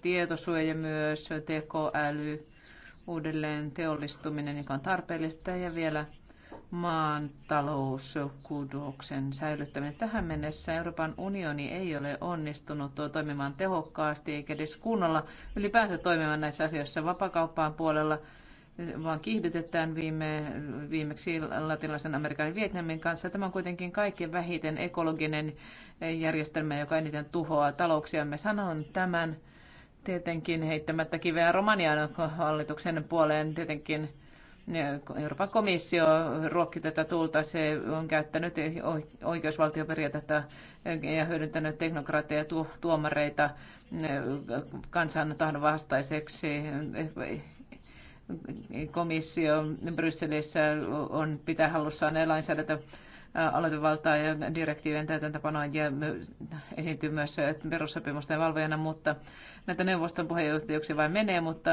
tietosuoja myös, tekoäly, uudelleen teollistuminen, joka on tarpeellista ja vielä maan talouskudoksen säilyttäminen. Tähän mennessä Euroopan unioni ei ole onnistunut toimimaan tehokkaasti eikä edes kunnolla ylipäänsä toimimaan näissä asioissa vapakauppaan puolella, vaan kiihdytetään viime, viimeksi latinalaisen Amerikan ja Vietnamin kanssa. Tämä on kuitenkin kaikkein vähiten ekologinen järjestelmää, joka eniten tuhoaa me Sanon tämän tietenkin heittämättä kiveä Romanian hallituksen puoleen. Tietenkin Euroopan komissio ruokki tätä tulta. Se on käyttänyt oikeusvaltioperiaatetta ja hyödyntänyt teknokraatteja ja tuomareita kansan tahdon vastaiseksi komissio Brysselissä on pitää halussaan lainsäädäntö aloitevaltaa ja direktiivien täytäntöpanoa ja esiintyy myös perussopimusten valvojana, mutta näitä neuvoston puheenjohtajuuksia vain menee, mutta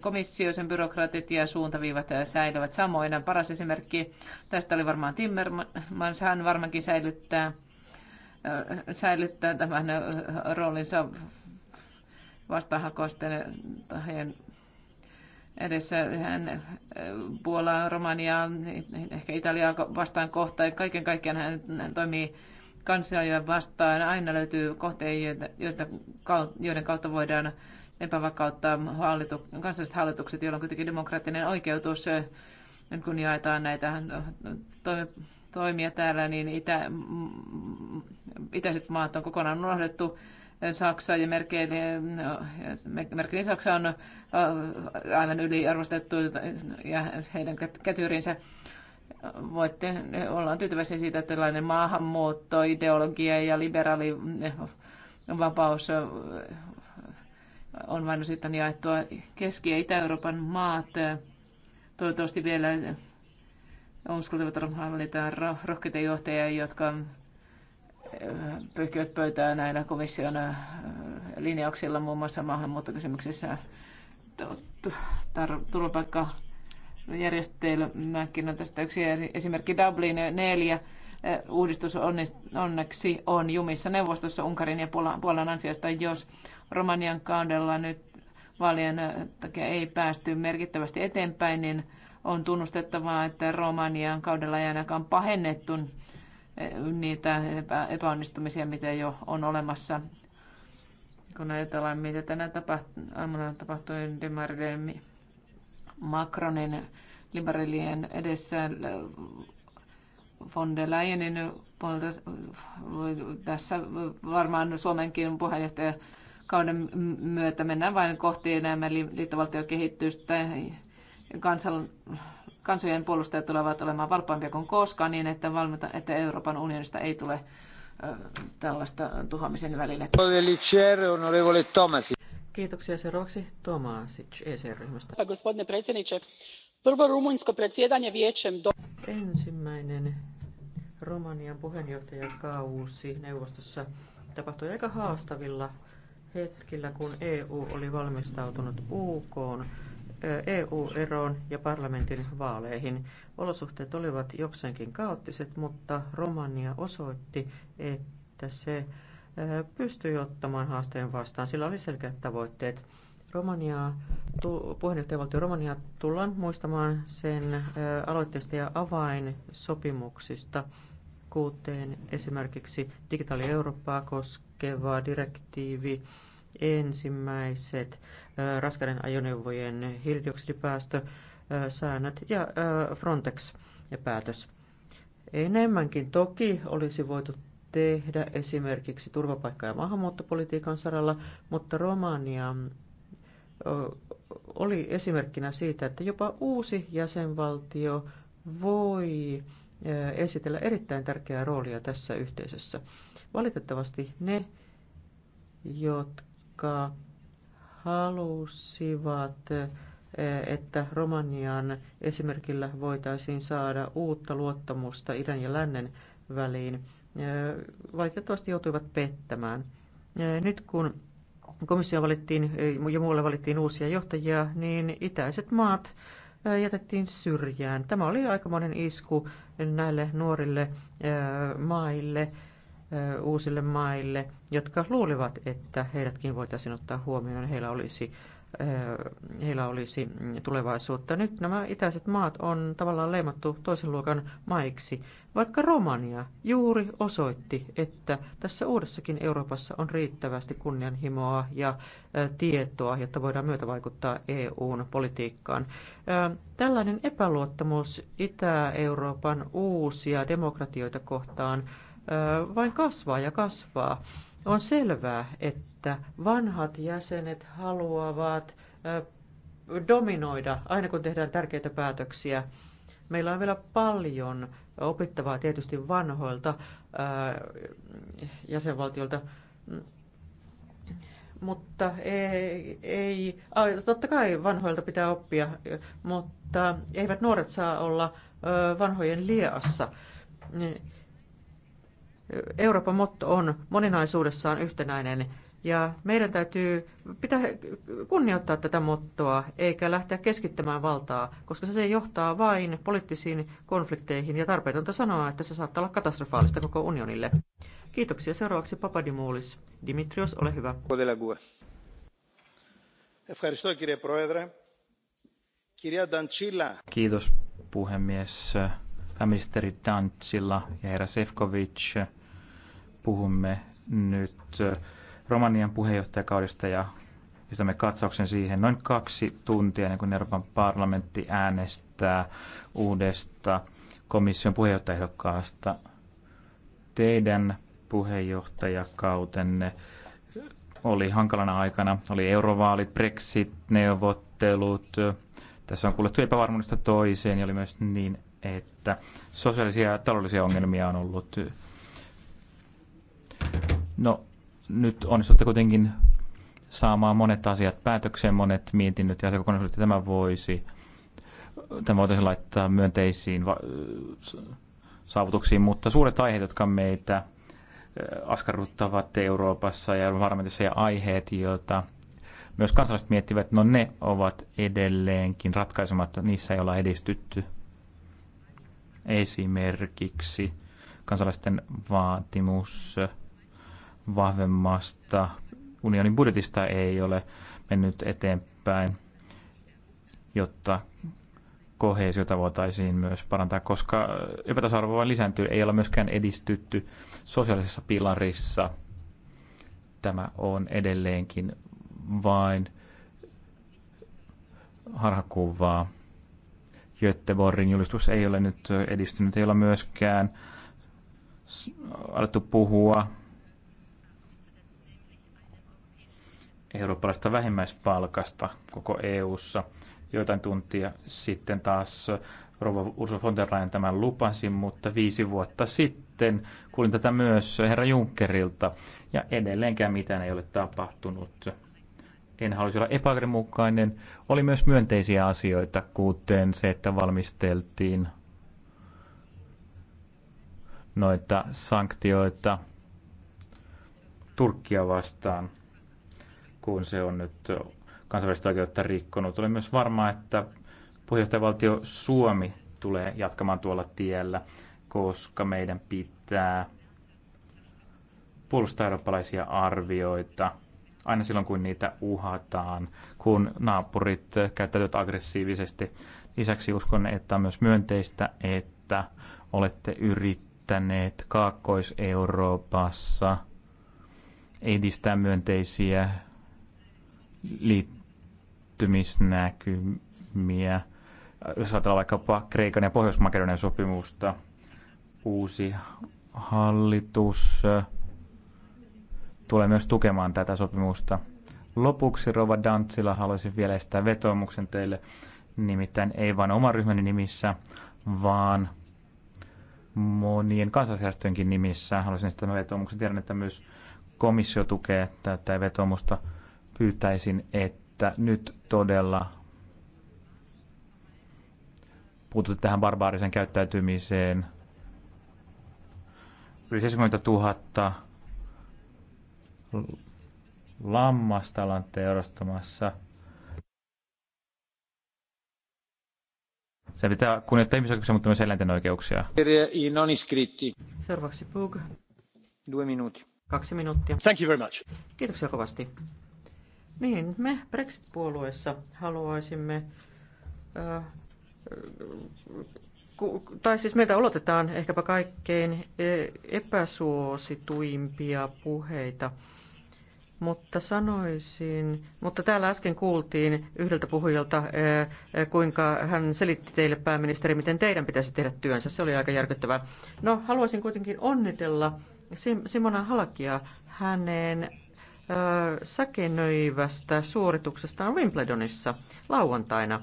komissio, sen byrokraatit ja suuntaviivat säilyvät samoina. Paras esimerkki tästä oli varmaan Timmermans, hän varmaankin säilyttää, säilyttää tämän roolinsa vastahakoisten tahojen edessä hän eh, Puolaa, Romaniaa, ehkä Italiaa vastaan kohta. Kaiken kaikkiaan hän, hän toimii kansalaisia vastaan. Aina löytyy kohteita, joita, joiden kautta voidaan epävakauttaa hallitu, kansalliset hallitukset, joilla on kuitenkin demokraattinen oikeutus. Nyt eh, kun jaetaan näitä eh, toimia täällä, niin itä, itäiset maat on kokonaan unohdettu. Saksa ja Merkelin, Merkelin Saksa on äh, aivan yliarvostettu ja heidän kätyrinsä voitte, olla tyytyväisiä siitä, että tällainen maahanmuutto, ideologia ja liberaali vapaus äh, on vain sitten jaettua Keski- ja Itä-Euroopan maat. Äh, toivottavasti vielä uskaltavat hallita rohkeita johtajia, jotka pyyhkivät pöytää näillä komission äh, linjauksilla muun muassa maahanmuuttokysymyksissä turvapaikka järjestelmäkin on tästä yksi esimerkki Dublin 4. Äh, uudistus onneksi on jumissa neuvostossa Unkarin ja Puolan ansiosta, jos Romanian kaudella nyt vaalien äh, takia ei päästy merkittävästi eteenpäin, niin on tunnustettavaa, että Romanian kaudella ei ainakaan pahennettu niitä epäonnistumisia, mitä jo on olemassa. Kun ajatellaan, mitä tänä tapaht- aamuna tapahtui Demarden Macronin liberalien edessä von der Leyenin puolta. Tässä varmaan Suomenkin puheenjohtajakauden myötä mennään vain kohti enemmän liittovaltiokehitystä. Kansan kansojen puolustajat tulevat olemaan valppaampia kuin koskaan niin, että, valmita, että Euroopan unionista ei tule tällaista tuhoamisen välinettä. Kiitoksia seuraavaksi Tomasic ECR-ryhmästä. Do... Ensimmäinen Romanian puheenjohtajakausi neuvostossa tapahtui aika haastavilla hetkillä, kun EU oli valmistautunut UK:n EU-eroon ja parlamentin vaaleihin. Olosuhteet olivat jokseenkin kaoottiset, mutta Romania osoitti, että se pystyi ottamaan haasteen vastaan. Sillä oli selkeät tavoitteet. Romania, puheenjohtajavaltio Romania tullaan muistamaan sen aloitteista ja avainsopimuksista, kuten esimerkiksi digitaali Eurooppaa koskeva direktiivi, ensimmäiset raskaiden ajoneuvojen hiilidioksidipäästösäännöt ja Frontex-päätös. Enemmänkin toki olisi voitu tehdä esimerkiksi turvapaikka- ja maahanmuuttopolitiikan saralla, mutta Romania oli esimerkkinä siitä, että jopa uusi jäsenvaltio voi esitellä erittäin tärkeää roolia tässä yhteisössä. Valitettavasti ne, jotka halusivat, e, että Romanian esimerkillä voitaisiin saada uutta luottamusta idän ja lännen väliin. E, valitettavasti joutuivat pettämään. E, nyt kun komissio valittiin ja muualle valittiin uusia johtajia, niin itäiset maat jätettiin syrjään. Tämä oli aikamoinen isku näille nuorille maille uusille maille, jotka luulivat, että heidätkin voitaisiin ottaa huomioon, niin heillä olisi, heillä olisi mm, tulevaisuutta. Nyt nämä itäiset maat on tavallaan leimattu toisen luokan maiksi, vaikka Romania juuri osoitti, että tässä uudessakin Euroopassa on riittävästi kunnianhimoa ja tietoa, jotta voidaan vaikuttaa EUn politiikkaan. Tällainen epäluottamus Itä-Euroopan uusia demokratioita kohtaan – vain kasvaa ja kasvaa. On selvää, että vanhat jäsenet haluavat dominoida aina kun tehdään tärkeitä päätöksiä. Meillä on vielä paljon opittavaa tietysti vanhoilta jäsenvaltioilta, mutta ei, ei, totta kai vanhoilta pitää oppia, mutta eivät nuoret saa olla vanhojen liassa. Euroopan motto on moninaisuudessaan yhtenäinen ja meidän täytyy pitää, kunnioittaa tätä mottoa, eikä lähteä keskittämään valtaa, koska se johtaa vain poliittisiin konflikteihin ja tarpeetonta sanoa, että se saattaa olla katastrofaalista koko unionille. Kiitoksia. Seuraavaksi Papadimoulis. Dimitrios, ole hyvä. Kiitos puhemies pääministeri Dantsilla ja herra Sefcovic. Puhumme nyt Romanian puheenjohtajakaudesta ja pistämme katsauksen siihen noin kaksi tuntia ennen kuin Euroopan parlamentti äänestää uudesta komission puheenjohtajaehdokkaasta. Teidän puheenjohtajakautenne oli hankalana aikana. Oli eurovaalit, Brexit-neuvottelut. Tässä on kuulettu epävarmuudesta toiseen ja oli myös niin että sosiaalisia ja taloudellisia ongelmia on ollut. No, nyt onnistutte kuitenkin saamaan monet asiat päätökseen, monet mietinnöt ja asiakokonaisuudet, tämä voisi tämä voitaisiin laittaa myönteisiin saavutuksiin, mutta suuret aiheet, jotka meitä äh, askarruttavat Euroopassa ja parlamentissa ja aiheet, joita myös kansalaiset miettivät, no ne ovat edelleenkin ratkaisematta, niissä ei olla edistytty. Esimerkiksi kansalaisten vaatimus vahvemmasta unionin budjetista ei ole mennyt eteenpäin, jotta kohesiota voitaisiin myös parantaa, koska epätasa-arvo vain lisääntyy, ei ole myöskään edistytty sosiaalisessa pilarissa. Tämä on edelleenkin vain harhakuvaa. Göteborgin julistus ei ole nyt edistynyt, ei ole myöskään alettu puhua eurooppalaisesta vähimmäispalkasta koko EU:ssa. Joitain tuntia sitten taas Rova Ursula von der Leyen tämän lupasi, mutta viisi vuotta sitten kuulin tätä myös herra Junckerilta, ja edelleenkään mitään ei ole tapahtunut en halusi olla epäoikeudenmukainen. Oli myös myönteisiä asioita, kuten se, että valmisteltiin noita sanktioita Turkkia vastaan, kun se on nyt kansainvälistä oikeutta rikkonut. Oli myös varma, että puheenjohtajavaltio Suomi tulee jatkamaan tuolla tiellä, koska meidän pitää puolustaa eurooppalaisia arvioita – aina silloin, kun niitä uhataan, kun naapurit käyttäytyvät aggressiivisesti. Lisäksi uskon, että on myös myönteistä, että olette yrittäneet Kaakkois-Euroopassa edistää myönteisiä liittymisnäkymiä. Jos ajatellaan vaikkapa Kreikan ja Pohjois-Makedonian sopimusta, uusi hallitus tulee myös tukemaan tätä sopimusta. Lopuksi Rova Dantsila haluaisin vielä estää vetoomuksen teille, nimittäin ei vain oman ryhmäni nimissä, vaan monien kansalaisjärjestöjenkin nimissä. Haluaisin estää tämän vetoomuksen. Tiedän, että myös komissio tukee tätä vetoomusta. Pyytäisin, että nyt todella puututte tähän barbaariseen käyttäytymiseen. Yli 70 000 lammasta teurastamassa. Se pitää kunnioittaa ihmisoikeuksia, mutta myös eläinten oikeuksia. Non iscritti. Seuraavaksi Pug. Due Kaksi minuuttia. Thank you very much. Kiitoksia kovasti. Niin, me Brexit-puolueessa haluaisimme äh, tai siis meiltä odotetaan ehkäpä kaikkein epäsuosituimpia puheita mutta sanoisin, mutta täällä äsken kuultiin yhdeltä puhujalta, eh, eh, kuinka hän selitti teille pääministeri, miten teidän pitäisi tehdä työnsä. Se oli aika järkyttävää. No, haluaisin kuitenkin onnitella Simona Halakia hänen eh, säkenöivästä suorituksestaan Wimbledonissa lauantaina.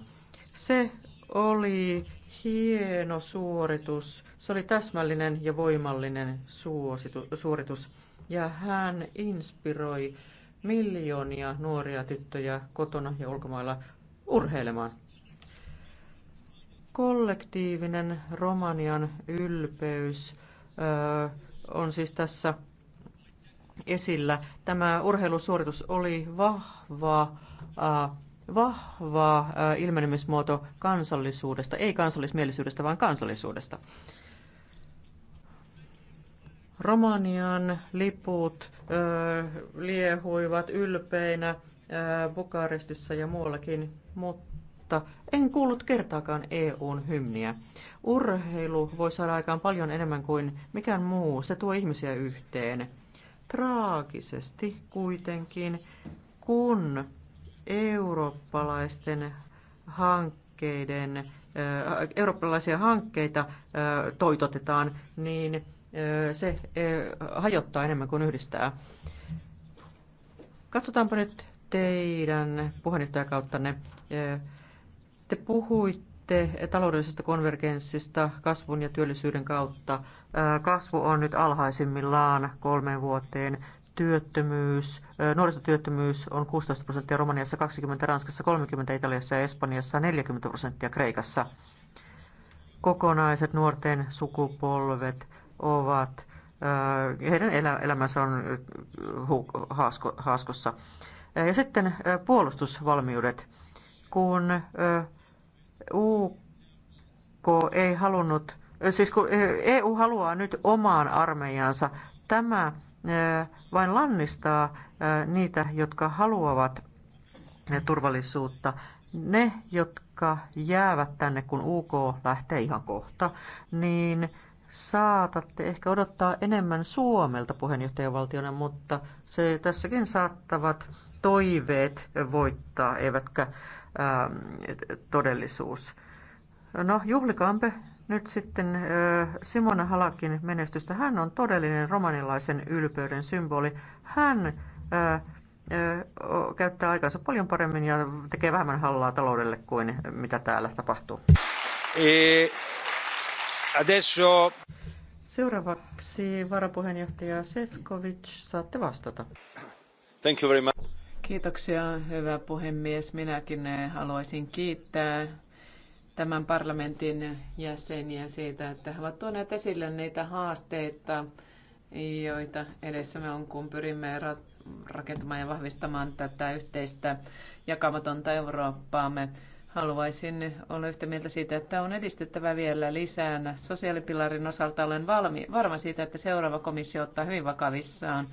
Se oli hieno suoritus. Se oli täsmällinen ja voimallinen suositu, suoritus ja hän inspiroi miljoonia nuoria tyttöjä kotona ja ulkomailla urheilemaan. Kollektiivinen Romanian ylpeys on siis tässä esillä. Tämä urheilusuoritus oli vahva, äh, vahva äh, ilmenemismuoto kansallisuudesta, ei kansallismielisyydestä, vaan kansallisuudesta. Romanian liput ö, liehuivat ylpeinä ö, Bukarestissa ja muuallakin, mutta en kuullut kertaakaan EUn hymniä. Urheilu voi saada aikaan paljon enemmän kuin mikään muu. Se tuo ihmisiä yhteen. Traagisesti kuitenkin, kun eurooppalaisten hankkeiden, eurooppalaisia hankkeita toitotetaan, niin se hajottaa enemmän kuin yhdistää. Katsotaanpa nyt teidän puheenjohtajakauttanne. Te puhuitte taloudellisesta konvergenssista kasvun ja työllisyyden kautta. Kasvu on nyt alhaisimmillaan kolmeen vuoteen. Työttömyys, nuorisotyöttömyys on 16 prosenttia Romaniassa, 20 Ranskassa, 30 Italiassa ja Espanjassa, 40 prosenttia Kreikassa. Kokonaiset nuorten sukupolvet ovat, äh, heidän elämänsä on äh, haaskossa. Äh, ja sitten puolustusvalmiudet. Kun UK ei halunnut, siis kun EU haluaa nyt omaan armeijansa, tämä vain lannistaa niitä, jotka haluavat turvallisuutta. Ne, jotka jäävät tänne, kun UK lähtee ihan kohta, niin saatatte ehkä odottaa enemmän Suomelta puheenjohtajavaltiona, mutta se tässäkin saattavat toiveet voittaa, eivätkä ää, ähm, todellisuus. No, juhlikaampe nyt sitten ää, äh, Simona Halakin menestystä. Hän on todellinen romanilaisen ylpeyden symboli. Hän ää, äh, äh, käyttää aikansa paljon paremmin ja tekee vähemmän hallaa taloudelle kuin mitä täällä tapahtuu. E- Adesso... Seuraavaksi varapuheenjohtaja Sefcovic, saatte vastata. Thank you very much. Kiitoksia, hyvä puhemies. Minäkin haluaisin kiittää tämän parlamentin jäseniä siitä, että he ovat tuoneet esille niitä haasteita, joita edessämme on, kun pyrimme rakentamaan ja vahvistamaan tätä yhteistä jakamatonta Eurooppaamme. Haluaisin olla yhtä mieltä siitä, että on edistyttävä vielä lisää. Sosiaalipilarin osalta olen valmi, varma siitä, että seuraava komissio ottaa hyvin vakavissaan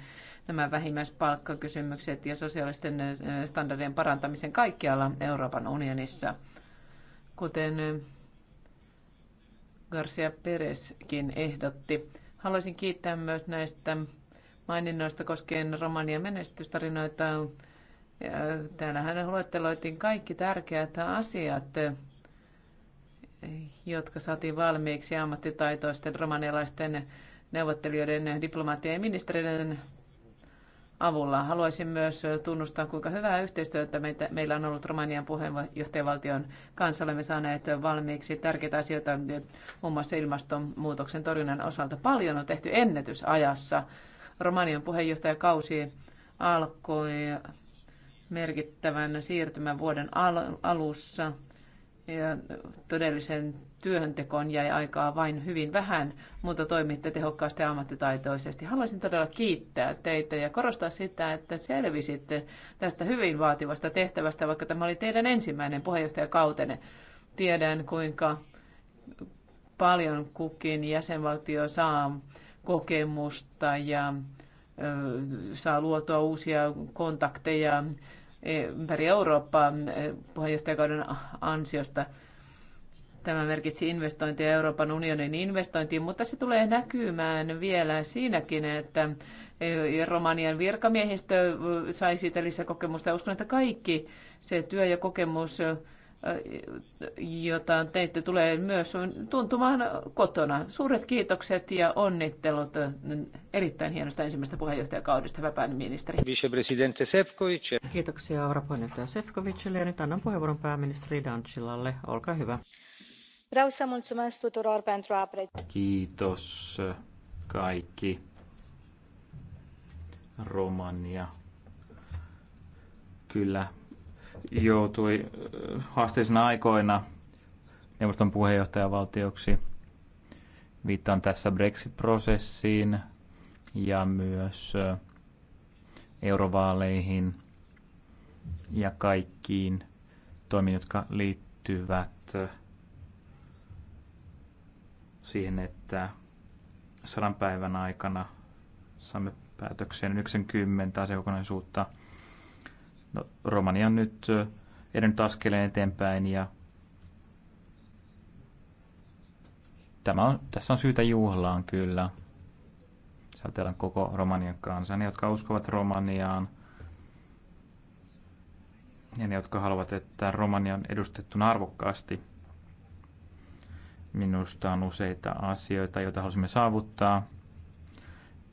nämä vähimmäispalkkakysymykset ja sosiaalisten standardien parantamisen kaikkialla Euroopan unionissa. Kuten Garcia Pereskin ehdotti. Haluaisin kiittää myös näistä maininnoista koskien romania menestystarinoita ja täällähän luetteloitiin kaikki tärkeät asiat, jotka saatiin valmiiksi ammattitaitoisten romanialaisten neuvottelijoiden, diplomaattien ja ministeriöiden avulla. Haluaisin myös tunnustaa, kuinka hyvää yhteistyötä meitä, meillä on ollut Romanian puheenjohtajavaltion kanssa. Olemme saaneet valmiiksi tärkeitä asioita muun muassa ilmastonmuutoksen torjunnan osalta. Paljon on tehty ennätysajassa. Romanian puheenjohtajakausi alkoi merkittävän siirtymän vuoden alussa ja todellisen työntekoon jäi aikaa vain hyvin vähän, mutta toimitte tehokkaasti ja ammattitaitoisesti. Haluaisin todella kiittää teitä ja korostaa sitä, että selvisitte tästä hyvin vaativasta tehtävästä, vaikka tämä oli teidän ensimmäinen puheenjohtajakautenne. Tiedän, kuinka paljon kukin jäsenvaltio saa kokemusta ja saa luotua uusia kontakteja E, ympäri Eurooppaa e, puheenjohtajakauden ansiosta. Tämä merkitsi investointia Euroopan unionin investointiin, mutta se tulee näkymään vielä siinäkin, että e, Romanian virkamiehistö sai siitä lisäkokemusta. Uskon, että kaikki se työ ja kokemus jota teitte, tulee myös tuntumaan kotona. Suuret kiitokset ja onnittelut erittäin hienosta ensimmäistä puheenjohtajakaudesta, hyvä pääministeri. Vicepresidente Sefcovic. Kiitoksia varapuheenjohtaja Sefcovicille ja nyt annan puheenvuoron pääministeri Dancilalle. Olkaa hyvä. Kiitos kaikki. Romania. Kyllä, joutui haasteisina aikoina neuvoston puheenjohtajavaltioksi. Viittaan tässä Brexit-prosessiin ja myös eurovaaleihin ja kaikkiin toimiin, jotka liittyvät siihen, että sadan päivän aikana saamme päätökseen 90 asiakokonaisuutta – No, Romania on nyt edennyt askeleen eteenpäin ja tämä on, tässä on syytä juhlaan kyllä. Säätellään koko Romanian kansa. Ne, jotka uskovat Romaniaan ja ne, jotka haluavat, että Romania on edustettuna arvokkaasti. Minusta on useita asioita, joita halusimme saavuttaa.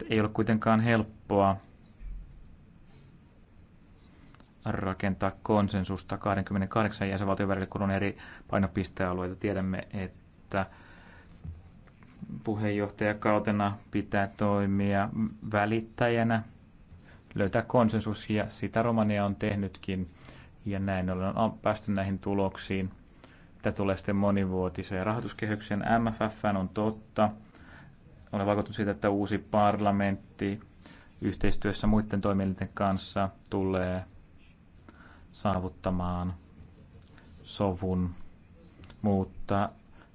Ei ole kuitenkaan helppoa rakentaa konsensusta 28 jäsenvaltion välillä, kun on eri painopistealueita. Tiedämme, että puheenjohtajakautena pitää toimia välittäjänä, löytää konsensus ja sitä Romania on tehnytkin ja näin ollen on päästy näihin tuloksiin. Tämä tulee sitten monivuotiseen rahoituskehyksen MFF on totta. Olen vakuuttunut siitä, että uusi parlamentti yhteistyössä muiden toimielinten kanssa tulee saavuttamaan sovun, mutta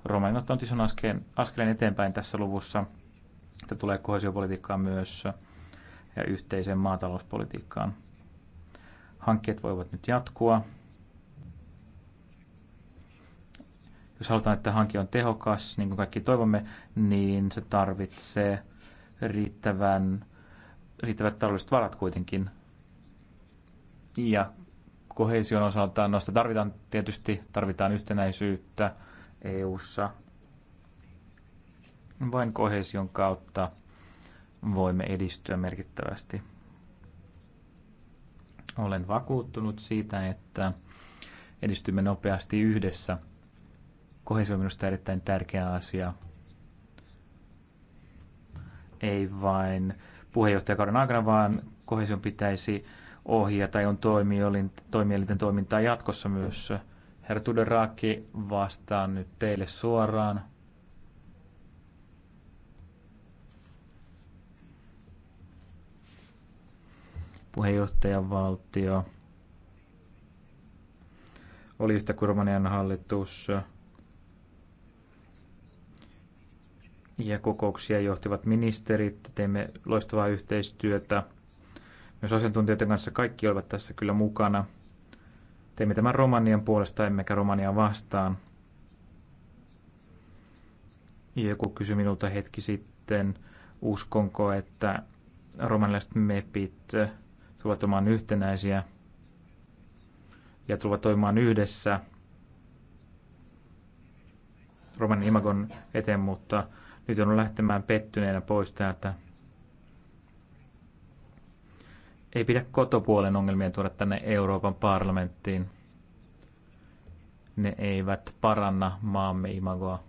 Romain on ottanut ison askeleen, askeleen eteenpäin tässä luvussa, että tulee kohesiopolitiikkaan myös ja yhteiseen maatalouspolitiikkaan. Hankkeet voivat nyt jatkua. Jos halutaan, että hanke on tehokas, niin kuin kaikki toivomme, niin se tarvitsee riittävän, riittävät taloudelliset varat kuitenkin. Ja kohesion osalta. No sitä tarvitaan tietysti, tarvitaan yhtenäisyyttä EU:ssa. Vain kohesion kautta voimme edistyä merkittävästi. Olen vakuuttunut siitä, että edistymme nopeasti yhdessä. Kohesio on minusta erittäin tärkeä asia. Ei vain puheenjohtajakauden aikana, vaan kohesion pitäisi tai on toimielinten toimintaa jatkossa myös. Herra Tuderaki vastaa nyt teille suoraan. valtio oli yhtä Kurmanian hallitus. Ja kokouksia johtivat ministerit. Teimme loistavaa yhteistyötä myös asiantuntijoiden kanssa kaikki olivat tässä kyllä mukana. Teimme tämän Romanian puolesta, emmekä Romania vastaan. Joku kysyi minulta hetki sitten, uskonko, että romanilaiset mepit tulevat olemaan yhtenäisiä ja tulevat toimimaan yhdessä romanin imagon eteen, mutta nyt on lähtemään pettyneenä pois täältä ei pidä kotopuolen ongelmia tuoda tänne Euroopan parlamenttiin. Ne eivät paranna maamme imagoa.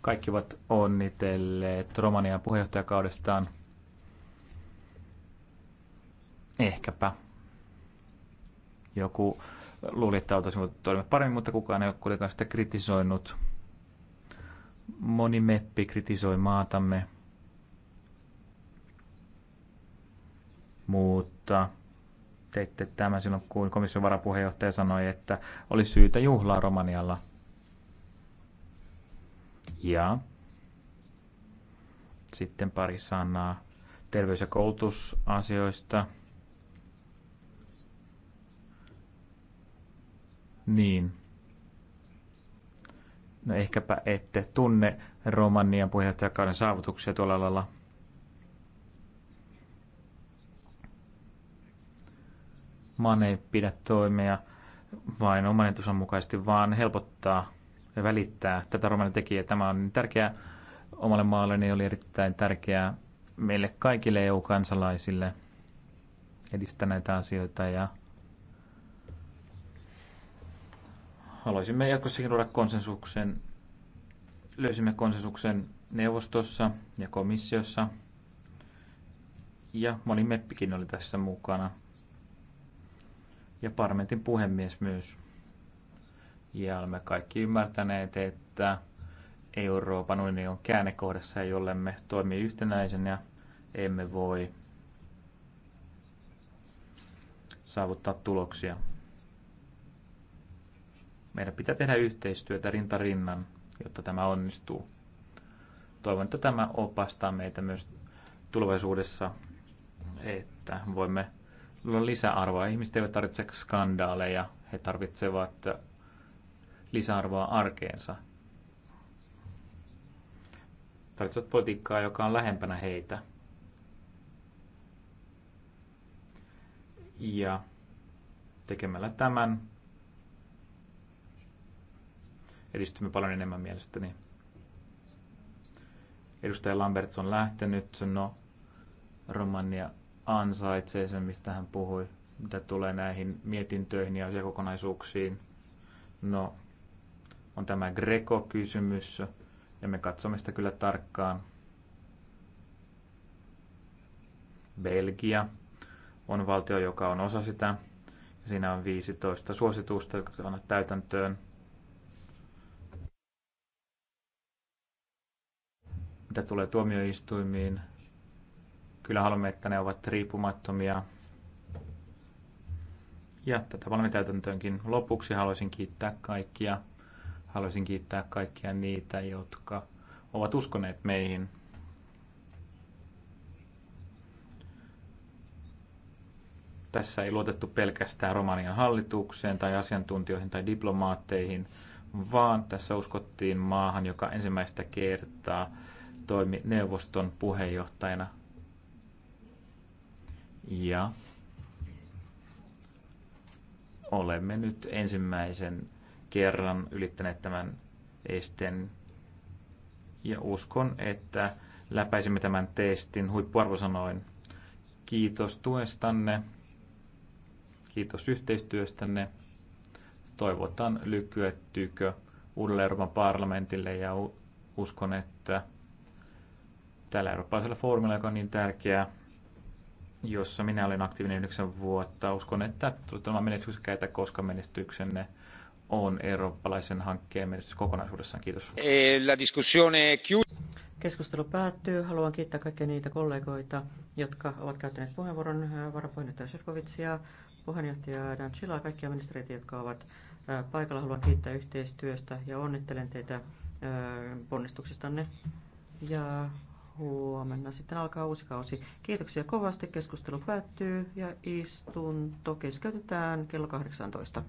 Kaikki ovat onnitelleet Romanian puheenjohtajakaudestaan. Ehkäpä. Joku luuli, että oltaisiin toimia paremmin, mutta kukaan ei ole kuitenkaan sitä kritisoinut. Moni meppi kritisoi maatamme mutta teitte tämä silloin, kun komission varapuheenjohtaja sanoi, että oli syytä juhlaa Romanialla. Ja sitten pari sanaa terveys- ja koulutusasioista. Niin. No ehkäpä ette tunne Romanian puheenjohtajakauden saavutuksia tuolla lailla. maan ei pidä toimia vain oman etusan mukaisesti, vaan helpottaa ja välittää tätä romanin tekijää. Tämä on tärkeää omalle maalle, niin oli erittäin tärkeää meille kaikille EU-kansalaisille edistää näitä asioita ja haluaisimme jatkossakin luoda konsensuksen, löysimme konsensuksen neuvostossa ja komissiossa ja moni meppikin oli tässä mukana – ja parlamentin puhemies myös. Ja olemme kaikki ymmärtäneet, että Euroopan unioni on käännekohdassa, jolle me toimii yhtenäisenä, emme voi saavuttaa tuloksia. Meidän pitää tehdä yhteistyötä rinta rinnan, jotta tämä onnistuu. Toivon, että tämä opastaa meitä myös tulevaisuudessa, että voimme lisäarvoa. Ihmiset eivät tarvitse skandaaleja, he tarvitsevat lisäarvoa arkeensa. Tarvitsevat politiikkaa, joka on lähempänä heitä. Ja tekemällä tämän edistymme paljon enemmän mielestäni. Edustaja Lambertson on lähtenyt, no Romania ansaitsee sen, mistä hän puhui, mitä tulee näihin mietintöihin ja asiakokonaisuuksiin. No, on tämä Greco-kysymys, ja me katsomme sitä kyllä tarkkaan. Belgia on valtio, joka on osa sitä. Siinä on 15 suositusta, jotka pitää täytäntöön. Mitä tulee tuomioistuimiin, Kyllä haluamme, että ne ovat riippumattomia. Ja tätä valmi Lopuksi haluaisin kiittää kaikkia. Haluaisin kiittää kaikkia niitä, jotka ovat uskoneet meihin. Tässä ei luotettu pelkästään Romanian hallitukseen tai asiantuntijoihin tai diplomaatteihin, vaan tässä uskottiin maahan, joka ensimmäistä kertaa toimi neuvoston puheenjohtajana ja olemme nyt ensimmäisen kerran ylittäneet tämän esteen. Ja uskon, että läpäisimme tämän testin huippuarvosanoin. Kiitos tuestanne. Kiitos yhteistyöstänne. Toivotan lykyä tykö uudelle Euroopan parlamentille ja uskon, että tällä eurooppalaisella foorumilla, joka on niin tärkeää, jossa minä olin aktiivinen yhdeksän vuotta. Uskon, että tämä menestyksekäitä, koska menestyksenne on eurooppalaisen hankkeen menestys kokonaisuudessaan. Kiitos. Eh, la discussione Keskustelu päättyy. Haluan kiittää kaikkia niitä kollegoita, jotka ovat käyttäneet puheenvuoron, varapuheenjohtaja Sefkovitsia, puheenjohtaja Dancilaa, kaikkia ministeriä, jotka ovat paikalla. Haluan kiittää yhteistyöstä ja onnittelen teitä ponnistuksistanne. Ja huomenna sitten alkaa uusi kausi. Kiitoksia kovasti. Keskustelu päättyy ja istunto keskeytetään kello 18.